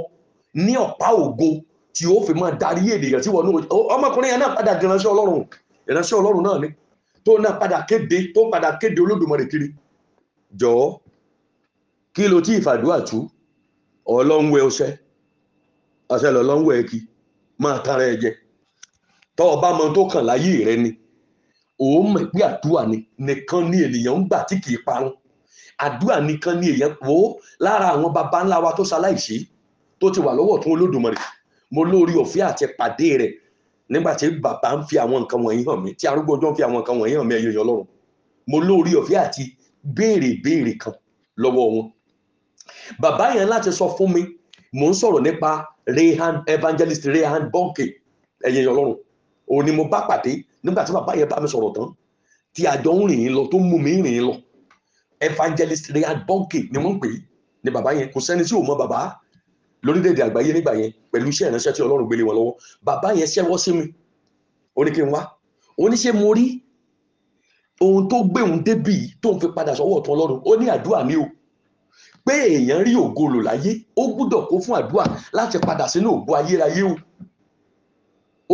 ní ọ̀pá ògo tí ó fi máa darí ènìyàn tí wọn ọmọkùnrin yẹn náà padà ìránṣẹ́ ọlọ́run ìránṣẹ́ ọlọ́run náà ni tó náà padà kéde tó padà kéde olódùmarè kiri jọ̀ọ́ kí ló tí ìfàdúrà tú ọlọ́run wẹ ọṣẹ ọṣẹ lọ́lọ́run wẹ kí máa tara ẹ jẹ tọ́ ọba mọ tó kàn láyé rẹ ni òun mọ̀ pé àdúrà ni nìkan ni ènìyàn ń gbà tí kì í parun àdúrà nìkan ni èèyàn wò ó lára àwọn baba ńlá wa tó ṣaláìsí tó ti wà lọ́wọ́ tún olódùmarè mo lórí ọ̀fẹ́ àti pàdé rẹ̀ nígbà tí bàbá ń fi àwọn nǹkan wọ̀nyí hàn mí tí arúgbó ọjọ́ ń fi àwọn nǹkan wọ̀nyí hàn mí ẹ̀yọ́ ọlọ́run mo lórí ọ̀fẹ́ àti béèrè béèrè kan lọ́wọ́ wọn bàbá yẹn láti sọ fún mi mò ń sọ̀rọ̀ nípa rehan evangelist rehan bonke ẹ̀yẹ ọlọ́run òní mo bá pàdé nígbà tí bàbá yẹn bá mi sọ̀rọ̀ tán tí àjọ ń rìn lọ tó ń mú mi rìn lọ evangelist rehan bonke ni wọ́n ń pè ní bàbá yẹn kò sẹ́ni tí ò mọ bàbá lórílẹ̀‐èdè àgbáyé nígbà yẹn pẹ̀lú iṣẹ́ ìránṣẹ́ tí ọlọ́run gbélé wọn lọ́wọ́ bàbá yẹn ṣẹ́wọ́ sí mi ó ní kí n wá ó ní ṣe mo rí ohun tó gbé òun débì tóun fi padà sọ́wọ́ ọ̀tún ọlọ́run ó ní àdúrà mi o pé èèyàn rí ògo lò láyé ó gbúdọ̀ kó fún àdúrà láti padà sínú ògo ayérayé o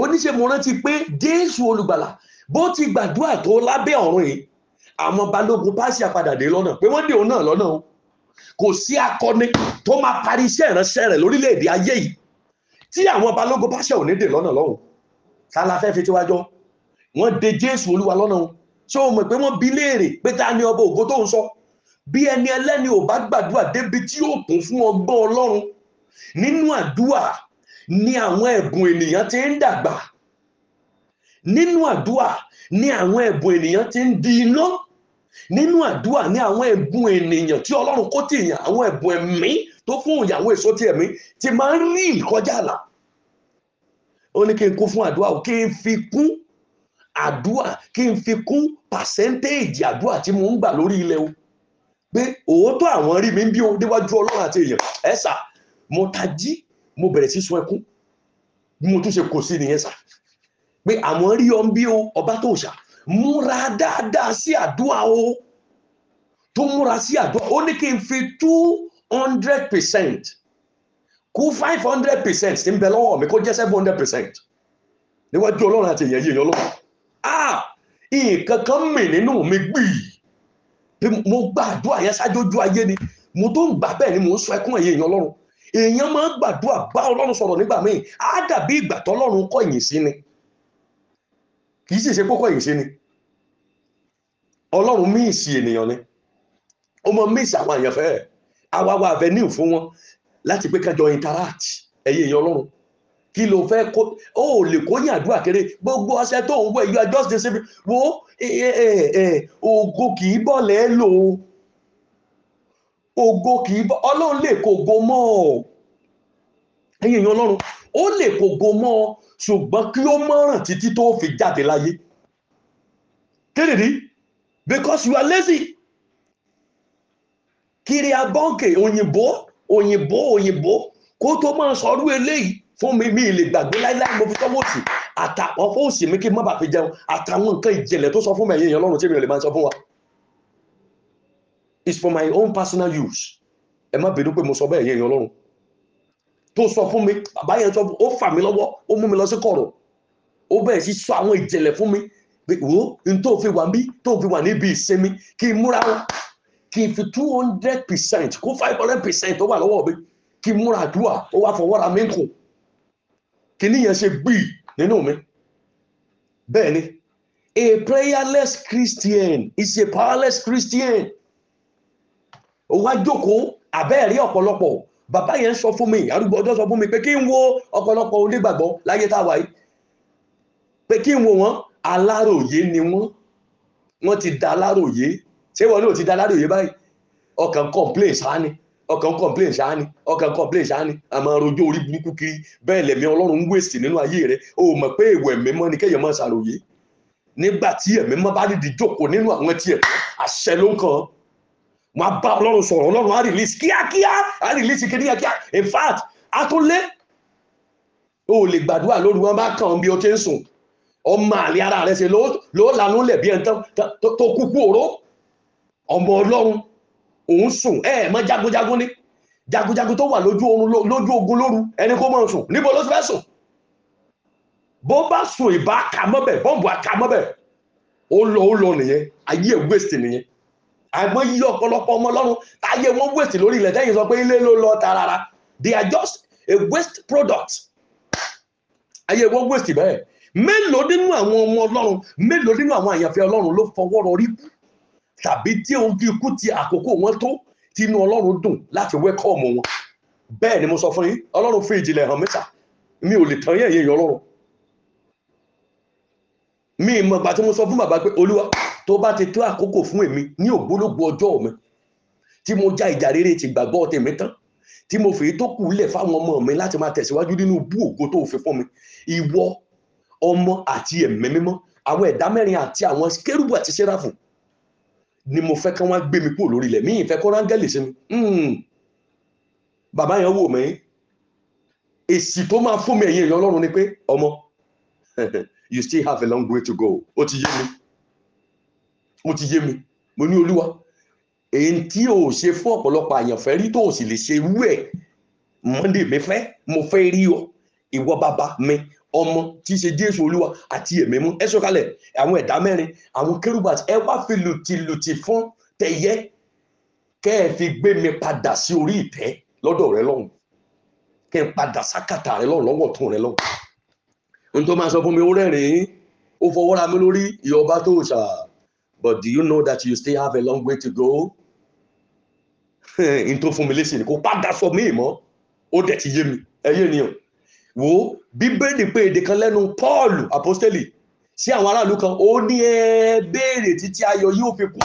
ó ní ṣe mo rántí pé jésù olùgbàlà bó ti gbàdúrà tó lábẹ́ ọ̀run yìí àwọn balógun pàṣẹ padà dé lọ́nà pé wọ́n dé òun náà lọ́nà o kò sí akọni tó máa parí iṣẹ́ ìránṣẹ́ rẹ̀ lórílẹ̀‐èdè ayé yìí tí àwọn balógun pàṣẹ ò ní dè lọ́nà lọ́hùn ta la fẹ́ fi tiwájọ́ wọ́n de jésù olúwa lọ́nà o ṣé o mọ̀ pé wọ́n bi léèrè pé ta ni ọba ògo tó ń sọ bí ẹni ẹlẹ́ni ò bá gbàdúrà débi tí yóò kún fún ọgbọ́n ọlọ́run nínú àdúrà ni àwọn ẹ̀bùn ènìyàn ti ń dàgbà nínú àdúrà ni àwọn ẹ̀bùn ènìyàn ti ń di iná nínú àdúrà ni àwọn ẹ̀bùn ènìyàn tí ọlọ́run kó tì yàn àwọn ẹ̀bùn ẹ̀mí tó fún ìyàwó èso ti ẹ̀mí ti máa ń rí ìkọjá àlà ó ní kí n kún fún àdúrà o kí n fi kún àdúrà kí n fi kún pàṣẹ́ntéèjì àdúrà tí mo ń gbà lórí ilẹ̀ o pé òótọ́ àwọn rí mi bí déwájú ọlọ́run àti èèyàn ẹ sà mo tají mo bẹ̀rẹ̀ sí sun ẹkún bí mo tún ṣe kò sí nìyẹn sà pé àwọn rí ọ bí ọba tó ṣà múra dáadáa sí àdúrà o tó múra sí àdúrà ó ní kí n fi two hundred percent kú five hundred percent tí ń bẹ lọ́wọ́ mi kó jẹ́ seven hundred percent níwájú ọlọ́run àti èèyàn yìí ọlọ́run ah nǹkan kan mì nínú mi gbìyì mo gbàdúrà yẹn ṣáájú ayé ni mo tó ń gbà bẹ́ẹ̀ ni mo ń sọ ẹkún ẹ̀yẹ èèyàn ọlọ́run èèyàn máa ń gbàdúrà bá ọlọ́run sọ̀rọ̀ nígbà míì á dàbí ìgbà tọ́lọ́run kọ̀ yìn sí ni kì í sì ṣe kókó yìn sí ni ọlọ́run míì sí ènìyàn ni ó mọ míì sí àwọn èèyàn fẹ́ẹ́ àwa wa avenue fún wọn láti pé kájọ interact ẹ̀yẹ èèyàn ọlọ́run kí ló fẹ́ kó ó lè kó ní àdúrà kéré gbogbo ọṣẹ tó ń wẹ̀ you are just the same wo ògo kì í bọ̀ lẹ́ lò ògo kì í bọ̀ ọlọ́run lè kó ògo mọ́ ọ ẹ̀yin èèyàn ọlọ́run ó lè kó ògo mọ́ ọ ṣùgbọ́n kí ó mọ̀ràn títí tó fi jáde láyé kéde because you are lazy kiri abọ́ǹkè òyìnbó òyìnbó òyìnbó kó tó máa sọrú eléyìí fún mi mi lè gbàgbé láíláí mo fi tọ́wọ́ sí àtàwọn fún òsì mi kí n má bàa fi jẹun àtàwọn nǹkan ìjìnlẹ̀ tó sọ fún mi ẹ̀yìn ọlọ́run tí mi ò lè máa sọ fún wa it's for my own personal use ẹ má bínú pé mo sọ bẹ́ẹ̀ ẹ̀yìn ọlọ́run tó sọ fún mi bàbá yẹn sọ ó fà mí lọ́wọ́ ó mú mi lọ sí kọ̀rọ̀ ó bẹ̀rẹ̀ sí sọ àwọn ìjìnlẹ̀ fún mi wo n tó fi wà mí tó fi wà níbi ìsinmi kí n múra wọn kí n fi two hundred percent kó five hundred percent tó wà lọ́wọ́ mi kí n múra àdúrà ó wá fọwọ́ra mi kù kìíní yẹn ṣe gbìí nínú mi bẹ́ẹ̀ ni a prayerless Christian is a powerless Christian ó wá jókòó àbẹ́ẹ̀rí ọ̀pọ̀lọpọ̀ bàbá yẹn sọ fún mi arúgbó ọjọ́ sọ fún mi pé kí n wo ọ̀pọ̀lọpọ̀ onígbàgbọ́ láyé tá a wà yìí pé kí n wo wọn aláròyé ni wọn wọn ti da aláròyé ṣé wọn náà ti da aláròyé báyìí ọkàn complain sáà ni ọkàn complain ṣáá ni ọkàn complain ṣáá ni àmọ́ rojọ́ orí burúkú kiri bẹ́ẹ̀ lẹ̀mí ọlọ́run ń wèsì nínú ayé rẹ o mọ̀ pé èèwọ̀ ẹ̀mí mọ́ ni kéèyàn máa ṣàròyé nígbà tí ẹ̀mí mọ́ bá dìdí jókòó nínú àwọn tiẹ̀ àṣẹ ló ń kàn án mo á bá ọlọ́run sọ̀rọ̀ ọlọ́run á release kíákíá á release kíákíá in fact á tó lé o lè gbàdúrà lórí wọn bá kàn án bí o ti ń sùn ọmọ àlè ara rẹ ṣe ló lanú lẹ̀ bí ẹni tó kúkú òró ọmọ ọlọ́run òun sùn ẹ mọ jagunjagun ni jagunjagun tó wà lójú oorun lójú ogun lóru ẹni kó mọ̀ sùn níbo ló ti fẹ́ sùn bó bá sùn ìbá kà mọ́bẹ̀ bọ́ǹbù àkà mọ́bẹ̀ ó lọ ó lọ nìyẹn ayé ẹ̀ wéṣì nìyẹn àmọ́ yí ọ̀pọ̀lọpọ̀ ọmọ ọlọ́run ayé wọn wéṣì lórí ilẹ̀ tẹ́yìn sọ pé ilé ló lọ tarara they are just a waste product ayé wọn wéṣì bẹ́ẹ̀ mélòó nínú àwọn ọmọ ọlọ́run mélòó nínú àwọn àyànfẹ́ ọlọ́run ló fọwọ́ rọrí tàbí tí òun fi kú ti àkókò wọn tó tí inú ọlọ́run dùn láti wẹ́kọ̀ọ̀mù wọn bẹ́ẹ̀ ni mo sọ fún yín ọlọ́run fi ìjìnlẹ̀ hàn mẹ́ta mi ò lè tán yẹn yẹn ọlọ́run mi ìmọ̀ ìgbà tí mo sọ fún bàbá pé olúwa tó bá ti tó àkókò fún èmi ní ògbólógbò ọjọ́ mi tí mo já ìjà rere ti gbàgbọ́ tèmi tán tí mo fi tó kù lẹ̀ fáwọn ọmọ mi láti máa tẹ̀síwájú nínú bú ògo tó fi fún mi ìwọ ọmọ àti ẹ̀mí mímọ́ àwọn ẹ̀dá mẹ́rin àti àwọn kérúbù àti séráfù ni mo fẹ́ kí wọ́n gbé mi kúrò lórí ilẹ̀ mí ìfẹ́ kó rángẹ́lì sí mi hmm. bàbá yẹn wò mí èsì tó máa fún mi ẹ̀yìn èèyàn ọlọ́run ni pé ọmọ you still have a long way to go ó ti yé mi ó ti yé mi mo ní olúwa èyí tí o ṣe fún ọ̀pọ̀lọpọ̀ àyànfẹ́ rí tó o sì lè ṣe irú ẹ̀ Monday mi fẹ́ mo fẹ́ rí ọ ìwọ bàbá mi ọmọ tí í ṣe jésù olúwa àti ẹ̀mí mú ẹ sọ̀kalẹ̀ àwọn ẹ̀dá mẹ́rin àwọn kérúbà ẹ wá fi lùtìlùtì fún tẹ̀yẹ kẹ́ ẹ fi gbé mi padà sí orí ìtẹ́ lọ́dọ̀ rẹ lọ́hùn kẹ́ ẹ padà sákàtà rẹ lọ́hùn lọ́wọ́ tún rẹ lọ́hùn. n tó máa sọ fún mi ó rẹ́rìn-ín ó fọwọ́ra mi lórí ìyọba tó ṣà but do you know that you still have a long way to go? n tó fún mi lésì ni kò padà sọ mí ìmọ̀ ó dẹ̀ ti yé mi ẹ yé ni o wo bíbélì pé èdè kan lẹ́nu Paul apostoli sí àwọn aráàlú kan ó ní ẹ béèrè títí ayọ̀ yóò fi kú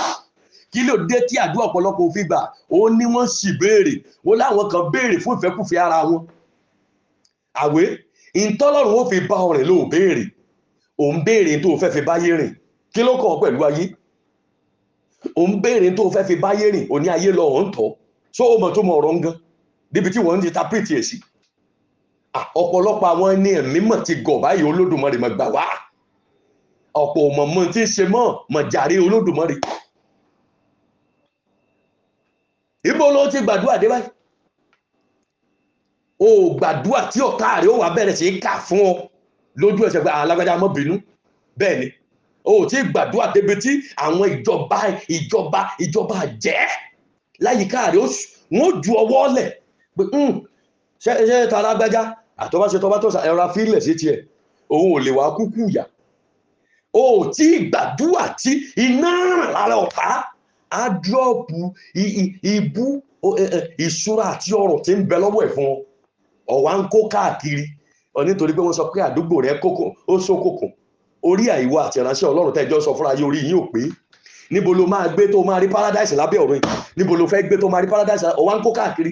kí ló dé tí àdúrà ọ̀pọ̀lọpọ̀ òfin gbà ó ní wọ́n sì béèrè ó láwọn kan béèrè fún ìfẹ́kùfẹ́ ara wọn àwé ìtọ́lọ́run ó fi bá ọ̀rẹ́ ló béèrè òun béèrè tó fẹ́ fi báyé rìn kí ló kàn pẹ̀lú ayé òun béèrè tó fẹ́ fi báyé rìn òní ayé lọ òun tọ́ só o mọ̀ tó mọ̀ ọ̀rọ̀ ń gan níbi tí wọ́n ti ta pìtì ẹ̀ sí ọ̀pọ̀lọpọ̀ àwọn ẹni ẹ̀mí mọ̀ ti gọ̀ báyìí olódùmarè mọ̀ gbà wá ọ̀pọ̀ mọ̀mọ́ tí ń ṣe mọ́ mọ̀ jàre olódùmarè ibo ló ti gbàdúrà dé báyìí o gbàdúrà tí ọ̀tá rẹ̀ ó wà bẹ̀rẹ̀ sí kà fún ọ lójú ẹsẹ̀ pé alágbájá mọ́ bínú bẹ́ẹ̀ ni o ti gbàdúrà débi tí àwọn ìjọba ìjọba ìjọba jẹ́ láyìíká rẹ̀ wọ́n ju ọwọ́ lẹ̀ pé ṣe hmm, ṣe ta alágbájá àtọ́bá ṣe tọ́bá tọ́sà ẹ̀rọ fílẹ̀ sí tiẹ̀ òun ò lè wá kúkú yà ó tí gbàdúrà tí iná ràn lára ọ̀tá á dúrọ́ọ̀pù ibú ìṣúra àti ọ̀rọ̀ tí ń bẹ lọ́wọ́ ẹ̀ fún ọ ọ̀wá ń kó káàkiri nítorí pé wọ́n sọ pé àdúgbò rẹ̀ ó ṣókòkò orí àìwá àti ìránṣẹ́ ọlọ́run tẹ́jọ́ sọ fúnra yóò rí yín ò pé níbo lo máa gbé tó máa rí paradise lábẹ́ ọ̀run níbo lo fẹ́ gbé tó máa rí paradise ọ̀wá ń kó káàkiri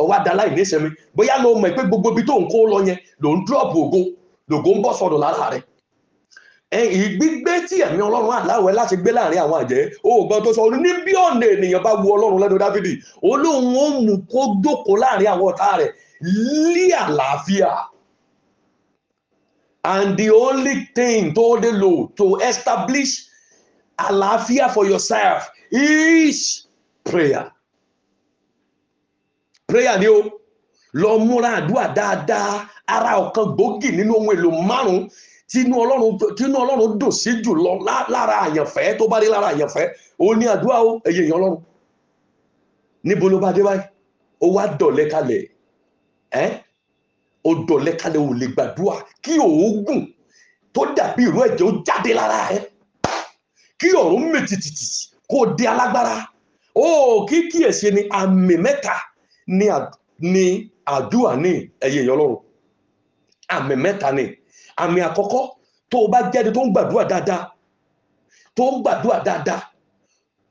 ọwọ́ adala ìníṣẹ́mi bóyá ló mọ̀ pé gbogbo ibi tó ń kó lọ yẹn ló ń dúrọ̀pù ògo lògo ń bọ́ sọ̀dọ̀ lára rẹ̀ ìgbígbé tí ẹ̀mí ọlọ́run aláwẹ̀ láti gbé láàrin àwọn àjẹ́ òògbọ́n tó sọ ní bí ọ̀nà ènìyàn bá wu ọlọ́run lẹ́nu dávidi olóhùn ó mú kó jókòó láàrin àwọn ọ̀tá rẹ̀ lí àlàáfíà and the only thing tó dé lò to establish àlàáfíà for yourself is prayer prayer ni o lọ múra àdúrà dáadáa ara ọ̀kan gbòógì nínú ohun èlò márùn-ún tínú ọlọ́run tínú ọlọ́run dùn sí jù lọ lára àyànfẹ́ tó bá dé lára àyànfẹ́ ó ní àdúrà ó ẹ̀yẹ èèyàn ọlọ́run níbo ló bá dé báyìí ó wá dọ̀lẹ́ kalẹ̀ ẹ́ ó dọ̀lẹ́ kalẹ̀ ò lè gbàdúrà kí òógùn tó dàbí ìró ẹ̀jẹ̀ ó jáde lára ẹ kí ọ̀run mètìtìtì kó dé alágbára ó kí kíyèsí ni àmì mẹ́ta ní àdúrà ní ẹ̀yẹ ìyọlọ́run àmì mẹ́ta ni àmì àkọ́kọ́ tó o bá jẹ́ni tó ń gbàdúrà dáadáa tó ń gbàdúrà dáadáa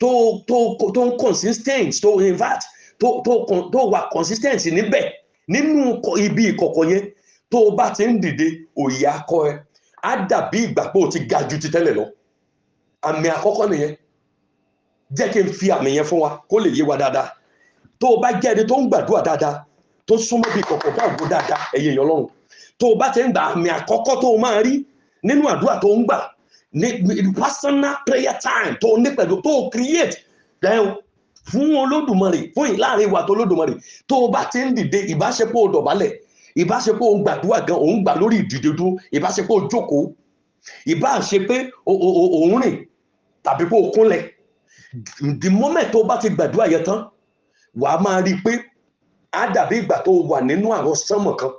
tó tó tó ń consistent tó in fact tó tó tó wà consistent níbẹ̀ nínú ibi ìkọ̀kọ̀ yẹn tó o bá ti ń dìde òye akọ ẹ á dàbí ìgbà pé o ti ga ju ti tẹ́lẹ̀ lọ àmì àkọ́kọ́ nìyẹn jẹ́ kí n fi àmì yẹn fún wa kó lè yé wa dáadáa tó o bá jẹ́ ẹni tó ń gbàdúrà dáadáa tó súnmọ́ bí kọ̀kọ̀ bá wò dáadáa ẹ̀yẹ èèyàn lọ́rùn tó o bá ti ń gba àmì àkọ́kọ́ tó o máa rí nínú àdúrà tó ń gbà ní personal prayer time tó o ní pẹ̀lú tó o create lẹ́hìn fún olódùmarè fún ìláàrin ìwà tó olódùmarè tó o bá ti ń dìde ìbáṣepọ̀ dọ̀bálẹ̀ ìbáṣepọ̀ òun gbàdúrà gan òun gbà lórí ìdìde dúró ìbáṣepọ̀ jókòó ìbá ṣe pé òun rìn tàbí pé o kúnlẹ̀ the moment tó o bá ti gbàdúrà yẹn tán wàá máa rí i pé á dàbí ìgbà tó wà nínú àwọn sánmọ̀ kan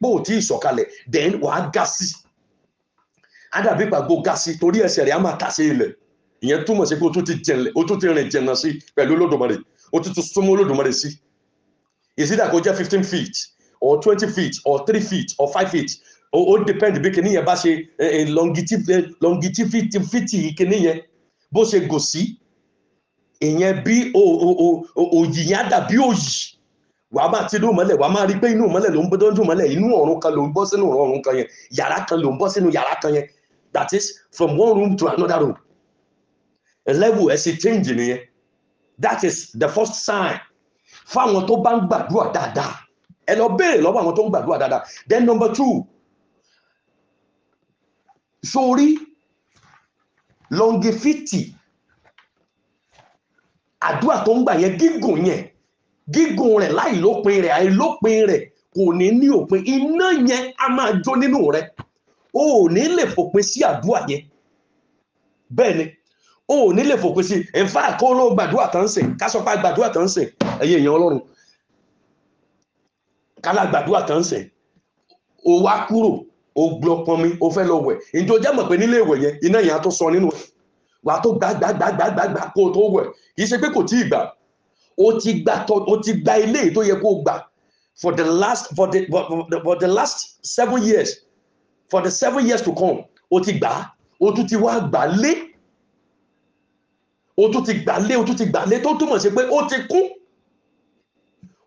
bó o ti ìsọ̀kalẹ̀ then wàá ga sí á dàbí ìgbà gbó ga sí torí ẹsẹ̀ rẹ̀ á máa tà ilẹ̀ ìyẹn túmọ̀ sí pé o tún ti jẹ̀lẹ̀ o tún ti rìn jẹ̀nà sí pẹ̀lú olódùmarè o tún ti súnmọ́ olódùmarè sí ìsídà kó jẹ́ fifteen feet or twenty feet or three feet or five feet ó depend bí kinní yẹn bá ṣe longitivity kinní yẹn bó ṣe gò sí ìyẹn bí òyì yẹn á dàbí òyì wàá bá ti dùn mọ́lẹ̀ wàá máa rí pé inú mọ́lẹ̀ ló ń bọ́dọ́ dùn mọ́lẹ̀ inú ọ̀run kan ló ń bọ́ sínú ọ̀run kan yẹn yàrá kan ló ń bọ́ sínú yàrá kan yẹn that is from one room to another room a level ẹ ṣe change nìyẹn that is the first sign fáwọn tó bá ń gbàdúrà dáadáa ẹ lọ béèrè lọ́wọ́ àwọn tó ń gbàdúrà dáadáa then number two sórí longevity àdúrà tó ń gbà yẹn gígùn yẹn gígùn rẹ̀ láì lópin rẹ̀ àìlópin rẹ̀ kò ní ní òpin iná yẹn á máa jó nínú rẹ̀ o ò ní lè fòpin sí àdúrà yẹn bẹ́ẹ̀ ni o ò ní lè fòpin sí in fact kó ló gbàdúrà tán sìn ká sọ pé gbàdúrà tán sìn ẹ̀yin èèyàn ọlọ́run kálá gbàdúrà tán sìn o wá kúrò o gbọ́ pọnmi o fẹ́ lọ wẹ̀ ǹjọ́ jẹ́ mọ̀ pé nílé ìwẹ̀ yẹn iná yẹn á tó sọ nínú rẹ̀ wà tó gbàgbàgbàgbàgbà kó tó wẹ̀ kì í ṣe pé kò tí ì gbà ó ti gbà ó ti gba ilé tó yẹ kó gbà for the last for the for, the for the last seven years for the seven years to come ó ti gbà ó tún ti wá gbà lé ó tún ti gbà lé ó tún ti gbà lé tó túmọ̀ sí pé ó ti kún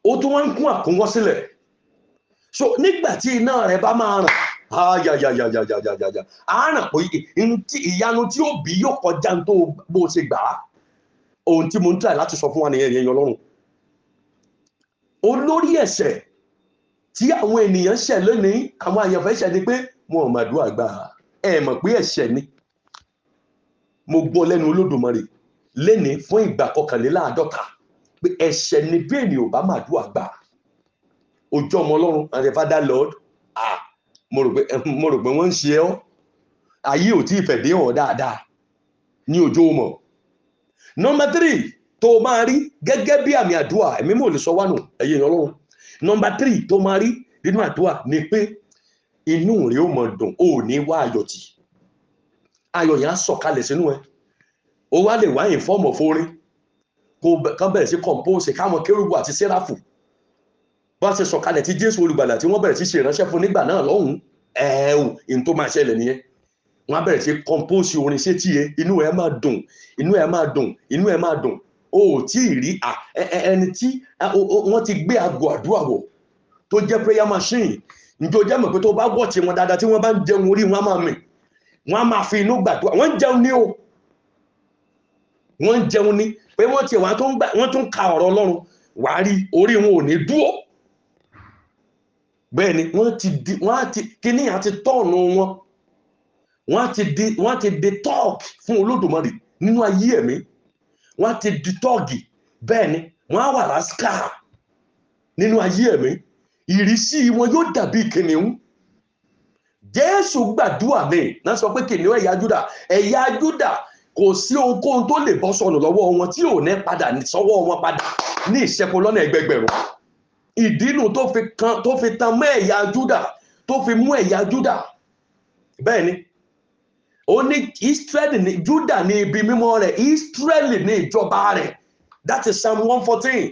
ó tún wá ń kún àkúnwọ́ so nígbà tí iná rẹ̀ bá máa ràn ayayayayayaya ah, àárán pé ìyanu tí ó bí yóò kọjá tó bó ṣe gbà á ohun tí mo ń tàyè láti sọ fún wa nìyẹn ìyẹn ọlọ́run olórí ẹ̀ṣẹ̀ tí àwọn ènìyàn ṣẹ̀ lónìí àwọn àyànfẹ́ ṣẹ̀ ni pé wọn ò mà dúà gbà ẹ mọ̀ pé ẹ̀ṣẹ̀ ni mo gbọ́ lẹ́nu olódùmarè lénìí fún ìgbà kọkànléláàádọ́ta pé ẹ̀ṣẹ̀ ni bí ènìyàn ò bá mà dúà gbà ojú ọmọ ọlọ́run and the father lord ah mo rò pé wọ́n ń ṣe ọ́ ayé ò tí ì fẹ̀dé hàn dáadáa ní ojú mọ̀ nọmba three tó o máa rí gẹ́gẹ́ bí àmì àdúrà ẹ̀mí mò lè sọ wánu ẹ̀yẹ ìyàn nọmba three tó o máa rí nínú àdúrà ni pé inú rẹ̀ ó mọ̀ dùn ó ní wá ayọ̀ tì ayọ̀ yẹn á sọ̀kalẹ̀ sínú ẹ̀ ó wá lè wá in form of orin kó bẹ̀rẹ̀ sí compose káwọn kérúbù àti sẹ́ráfù wọ́n ṣe sọ̀kalẹ̀ tí jésù olùgbàlà tí wọ́n bẹ̀rẹ̀ sí ṣe ìránṣẹ́ fún nígbà náà lọ́hùn-ún ẹ̀ẹ́wò in tó máa ṣẹlẹ̀ nìyẹn wọ́n bẹ̀rẹ̀ sí compose orin ṣé tíye inú ẹ̀ máa dùn inú ẹ̀ máa dùn inú ẹ̀ máa dùn o ò tí ì rí ẹni tí wọ́n ti gbé aago àdúrà wọ̀ tó jẹ́ prayer machine njó jẹ́ mọ̀ pé tó bá wọ̀ tí wọn dáadáa tí wọ́n bá ń jẹun orí wọn á máa mì wọ́n á máa fi inú gbàdúrà wọ́n ń jẹun ní o wọ́n jẹun ní pé wọ́n tiẹ̀ wọ́n tún ka ọ̀rọ̀ ọlọ́run wàá rí orí wọn ò ní dúró bẹ́ẹ̀ ni wọ́n ti di wọ́n á ti kíní àti tọ́ọ̀nù wọn wọ́n á ti di wọ́n á ti di tọ́ọ̀kì fún olódùmarè nínú ayé ẹ̀mí wọ́n á ti di tọ́ọ̀gì bẹ́ẹ̀ ni wọ́n á wà láṣíkà nínú ayé ẹ̀mí ìrísí wọn yóò dàbí kìnìún jésù gbàdúrà mi náà sọ pé kìnìún ẹ̀yà júdà ẹ̀yà júdà kò sí ohunkóhun tó lè bọ́ sọnù lọ́wọ́ wọn tí ò ní padà sọ́wọ́ wọn padà ní ìṣẹ́kù lọ́nà ẹgbẹgbẹ̀rún ìdínú tó fi kan tó fi tan mọ́ ẹ̀yà Júdà tó fi mú ẹ̀yà Júdà bẹ́ẹ̀ ni ó ní Israeli ní Júdà ní ibi mímọ́ rẹ̀ Israeli ní ìjọba rẹ̀ that is Psalm one fourteen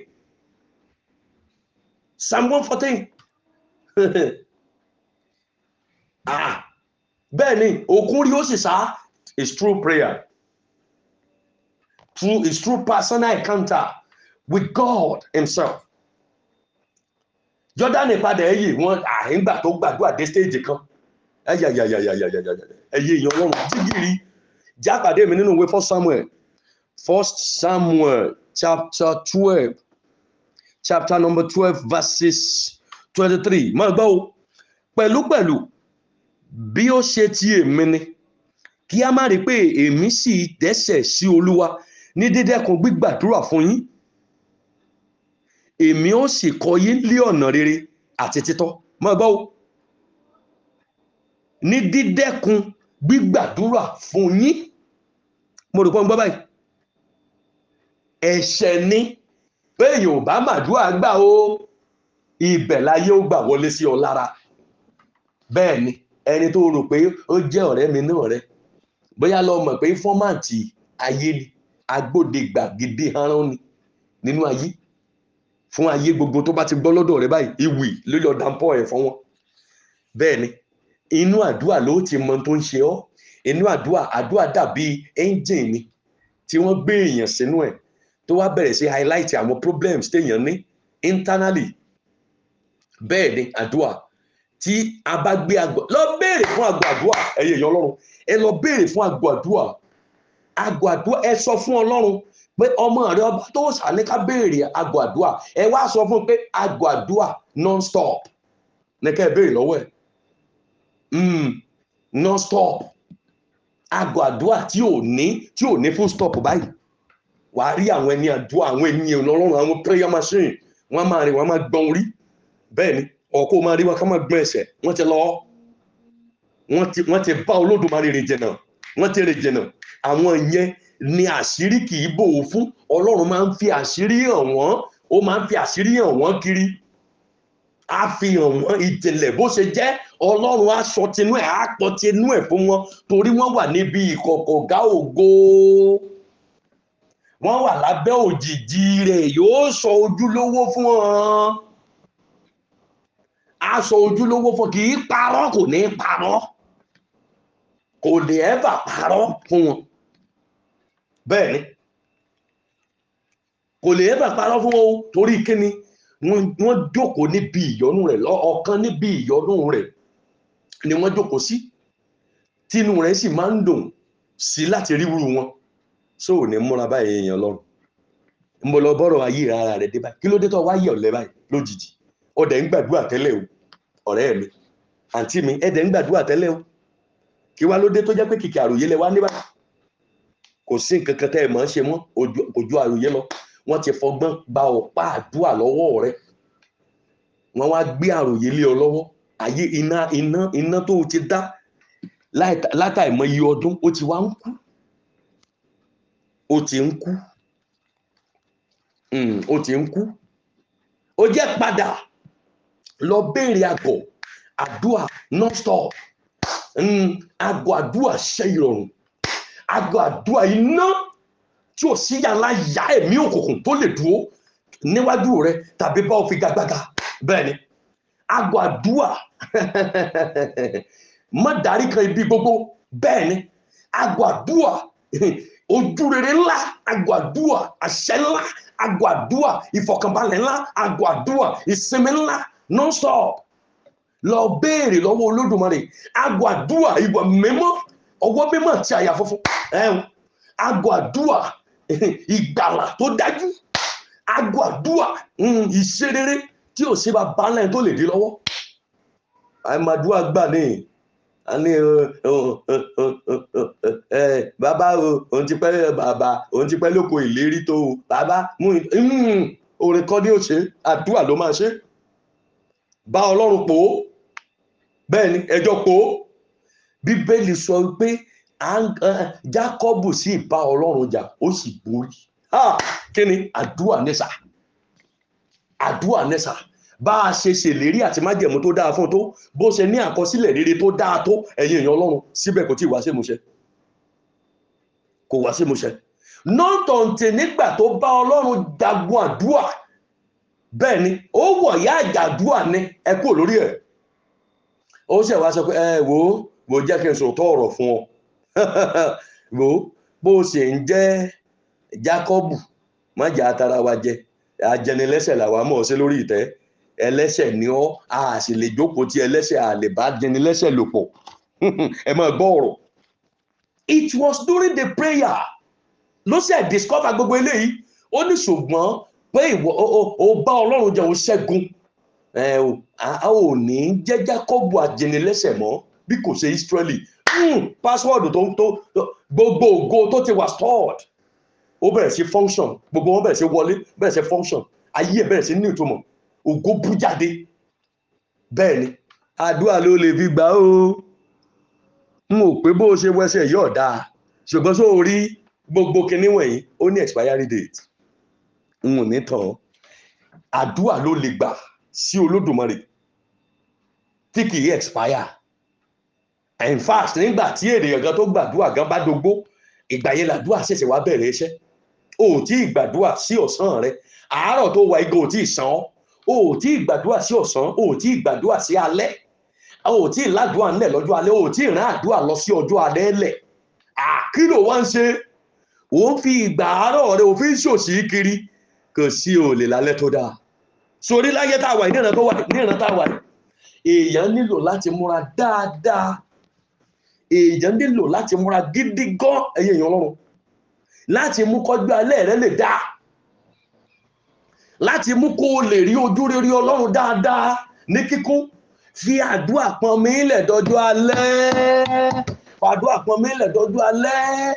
Psalm one fourteen ah bẹ́ẹ̀ ni òkun rí ó sì sá is true prayer True, is true personal encounter with God himself Jordan padà ẹ̀yẹ wọn àhíngbà tó gbàdúrà dé stage kan ẹ̀yẹ èèyàn wọn jígìrì jápàdé mi nínú ìwé First Samuel First Samuel chapter twelve chapter number twelve verses twenty-three máa gbọ́ o pẹ̀lúpẹ̀lú bí ó ṣe ti èmi ni kí a má rí pé èmi sì dẹ́ṣẹ̀ sí Olúwa ní dídẹ́kun gbígbàdúrà fún yín èmi ó sì kọ́ yín lé ọ̀nà rere àti títọ́ mọ́ gbọ́ ní dídẹ́kun gbígbàdúrà fún yín mo rò pọ́n gbọ́ báyìí ẹ̀ṣẹ̀ ni pé èèyàn ò bá màdúrà gbà o ibẹ̀ láyé ó gbà wọlé sí ọ lára bẹ́ẹ̀ ni ẹni tó rò pé ó jẹ́ ọ̀rẹ́ mi náà rẹ bóyá lọ mọ̀ pé fọ́màtì ayé ni agbódegbàgede hánrán ni nínú ayé fún ayé gbogbo tó bá ti gbọ́ lọ́dọ̀ rẹ báyìí ìwì ló lọ dàpọ̀ ẹ̀ fún wọn bẹ́ẹ̀ ni inú àdúrà ló ti mọ tó ń ṣe ọ́ inú àdúrà àdúrà dàbí ẹ́ńjìn ni tí wọ́n gbé èèyàn sínú ẹ̀ tó wá bẹ̀rẹ̀ sí highlight àwọn problems téèyàn ní internally bẹ́ẹ̀ ni àdúrà tí a bá gbé àgbọ̀ lọ béèrè fún àgbọ̀ àdúrà ẹ̀yẹ̀ yọ ọlọ́run ẹ lọ béèrè fún àgbọ̀ àdúrà àgbọ̀ àdúrà ẹ sọ fún ọlọ́run pé ọmọ rẹ ọba tó sàlẹ̀ ká béèrè àgọ́ àdúà ẹ wá sọ fún un pé àgọ́ àdúà non-stop ní ká ẹ béèrè lọ́wọ́ ẹ̀ hmm, non-stop àgọ́ àdúà tí ò ní tí ò ní full stop báyìí wàá rí àwọn ẹni àdúà àwọn ẹni ọlọ́run àwọn prayer machine wọ́n máa rìn wọ́n máa gbọ́n orí bẹ́ẹ̀ ni ọ̀kọ́ máa rí wọn ká máa gbọ́n ẹsẹ̀ wọ́n ti lọ wọ́n ti bá olódùmarè rìn jẹ̀nà wọ́n ti rìn jẹ̀nà àwọn yẹn ni àṣírí kì í bò ó fún ọlọ́run máa ń fi àṣírí hàn wọ́n ó máa ń fi àṣírí hàn wọ́n kiri a fi hàn wọ́n ìjìnlẹ̀ bó ṣe jẹ́ ọlọ́run á sọ tinú ẹ̀ á pọ̀ tinú ẹ̀ fún wọn torí wọ́n wà níbi ìkọ̀kọ̀ ọ̀gá ògo wọ́n wà lábẹ́ òjìji rẹ̀ yóò sọ ojúlówó fún wọn á sọ ojúlówó fún kì í parọ́ kò ní parọ́ kò lè ẹ́fà parọ́ fún wọn bẹ́ẹ̀ ni kò lè ẹ́bà parọ́ fún o torí kíni wọ́n jókòó níbi ìyọnu rẹ̀ ọ̀kan níbi ìyọnu rẹ̀ ni wọ́n jókòó sí tínú rẹ̀ sì máa ń dùn sí láti rí wúru wọn so ò ní múra báyìí èèyàn lọ́rùn mo lọ bọ́rọ̀ ayé ara rẹ̀ dé báyìí kí ló dé tó wáyé ọ̀lẹ́ báyìí lójijì ọ̀dẹ̀ ń gbàdúrà tẹ́lẹ̀ o ọ̀rẹ́ mi àǹtí mi ẹ̀dẹ̀ ń gbàdúrà tẹ́lẹ̀ o kí wá ló dé tó jẹ́ pé kìkì àròyé lẹ wá níbàdàn kò sí nǹkan kan tẹ́ ẹ̀ máa ń ṣe mọ́ kò ju àròyé lọ wọ́n ti fọgbọ́n gba ọ̀pá àdúrà lọ́wọ́ rẹ wọ́n wá gbé àròyé lé ọ lọ́wọ́ ayé iná iná iná tó o ti dá látàìmọ̀ iye ọdún ó ti wá ń kú ó ti ń kú hmm, ó ti ń kú ó jẹ́ padà lọ béèrè àgọ̀ àdúrà non-stop hmm, àgọ̀ àdúrà ṣe ìrọ̀rùn àgọ́ àdúrà iná tí ò sí yàrá yá ẹ̀mí òkùnkùn tó lè dúró níwájú rẹ tàbí bá òfin gbàgbàgà bẹ́ẹ̀ ni àgọ́ àdúrà má darí kan ibi gbogbo bẹ́ẹ̀ ni àgọ́ àdúrà ojú rere ńlá àgọ́ àdúrà àṣẹ ńlá àgọ́ àdúrà ńlá àgọ́ ìsinmi ńlá non-stop lọ béèrè lọ́wọ́ olódùmarè àgọ́ àdúrà ìwà mímọ́ ọwọ́ mímọ́ àti àyà funfun ago àdúà ìgbàlà tó dájú ago àdúà mm, ìṣerere tí ò sí bá balẹ̀ tó lè dé lọ́wọ́ àìmàdúà gbà ní a ní bàbá òun ti pẹ́ bàbá òun ti pẹ́ lóko ìlérí tó bàbá mú mm, orin kan ní òṣè àdúà ló máa ṣe bá ọlọ́run pò ó bẹ́ẹ̀ ni ẹjọ́ pò ó bíbélì sọ pé Eh, eh, Jákọ́bù sì bá Ọlọ́run jà ó sì borí kí ni àdúrà nẹ́sà àdúrà nẹ́sà bá a ṣe ṣèlérí àti májẹ̀mú tó dáa fún tó bó ṣe ní àkọsílẹ̀ rere tó dáa tó ẹ̀yin èèyàn Ọlọ́run síbẹ̀ kò tí ì wá sí ìmúṣẹ kò wá sí ìmúṣẹ nọ́ńtọ̀ǹtì nígbà tó bá Ọlọ́run jagun àdúrà bẹ́ẹ̀ ni ó wọ̀ yá àjàdúrà ni ẹ kúrò lórí ẹ̀ ó ṣe wá sọ pé ẹ wò ó wò ó jẹ́ kí n sòótọ́ ọ̀rọ̀ fún ọ wo bó ṣe ń jẹ́ Jákọ́bù má tara wa jẹ ajẹnilẹ́sẹ̀ làwa mọ̀ ọ́ sí lórí ìtẹ́ ẹlẹ́sẹ̀ ni ọ́ a sì lè jókòó tí ẹlẹ́sẹ̀ a lè bá jẹnilẹ́sẹ̀ lò pọ̀ ẹ máa gbọ́ ọ̀rọ̀ it was during the prayer ló ṣe discover gbogbo eléyìí ó ní ṣùgbọ́n pé ìwọ ó bá ọlọ́run jẹun ṣẹ́gun a ò ní jẹ́ Jacobu, ajẹnilẹ́sẹ̀ mọ́ bí kò ṣe Ísírẹ́lì Hmm, password tó tó gbogbo ògo tó ti wà stored ó bẹ̀rẹ̀ sí function gbogbo wọn bẹ̀rẹ̀ sí wọlé bẹ̀rẹ̀ sí function ayé ẹ̀ bẹ̀rẹ̀ sí ní ìtumọ̀ ògo bú jáde bẹ́ẹ̀ ni àdúrà ló lè fi gbà ó n ò pé bó o ṣe wẹsẹ̀ yóò dáa ṣùgbọ́n sóò rí gbogbo kinní wọ̀nyí ó ní expiry date n ò ní tàn àdúrà ló lè gbà sí Olódùmarè tí kì í expire in fact nígbà tí ènìyàn gan tó gbàdúrà gan bá dogbó ìgbà yẹn làdúrà ṣẹ̀ṣẹ̀ wá bẹ̀rẹ̀ iṣẹ́ o ò tí ì gbàdúrà sí ọ̀sán rẹ àárọ̀ tó wà igun ò tí ì san ọ́ o ò tí ì gbàdúrà sí ọ̀sán o ò tí ì gbàdúrà sí alẹ́ o ò tí ì ládùúà ńlẹ̀ lọ́jọ́ alẹ́ o ò tí ì rán àdúrà lọ sí ọjọ́ alẹ́ lẹ̀ àkìlò wá ń ṣe ò ń fi ìgbà àárọ̀ rẹ òfin ṣòṣì kiri kò sí òòlè lálẹ́ tó dáa sórí láyé tá a wà ní ìran tá a wà èèyàn nílò láti múra dáadáa èèyàn nílò láti múra gidi gan ẹ̀yìn èèyàn ọlọ́run láti mú kọjú alẹ́ rẹ lè dáa láti mú kó o lè rí ojú rere ọlọ́run dáadáa ní kíkún fi àdúrà pọn mi ilẹ̀ dọ́jú alẹ́ àdúrà pọn mi ilẹ̀ dọ́jú alẹ́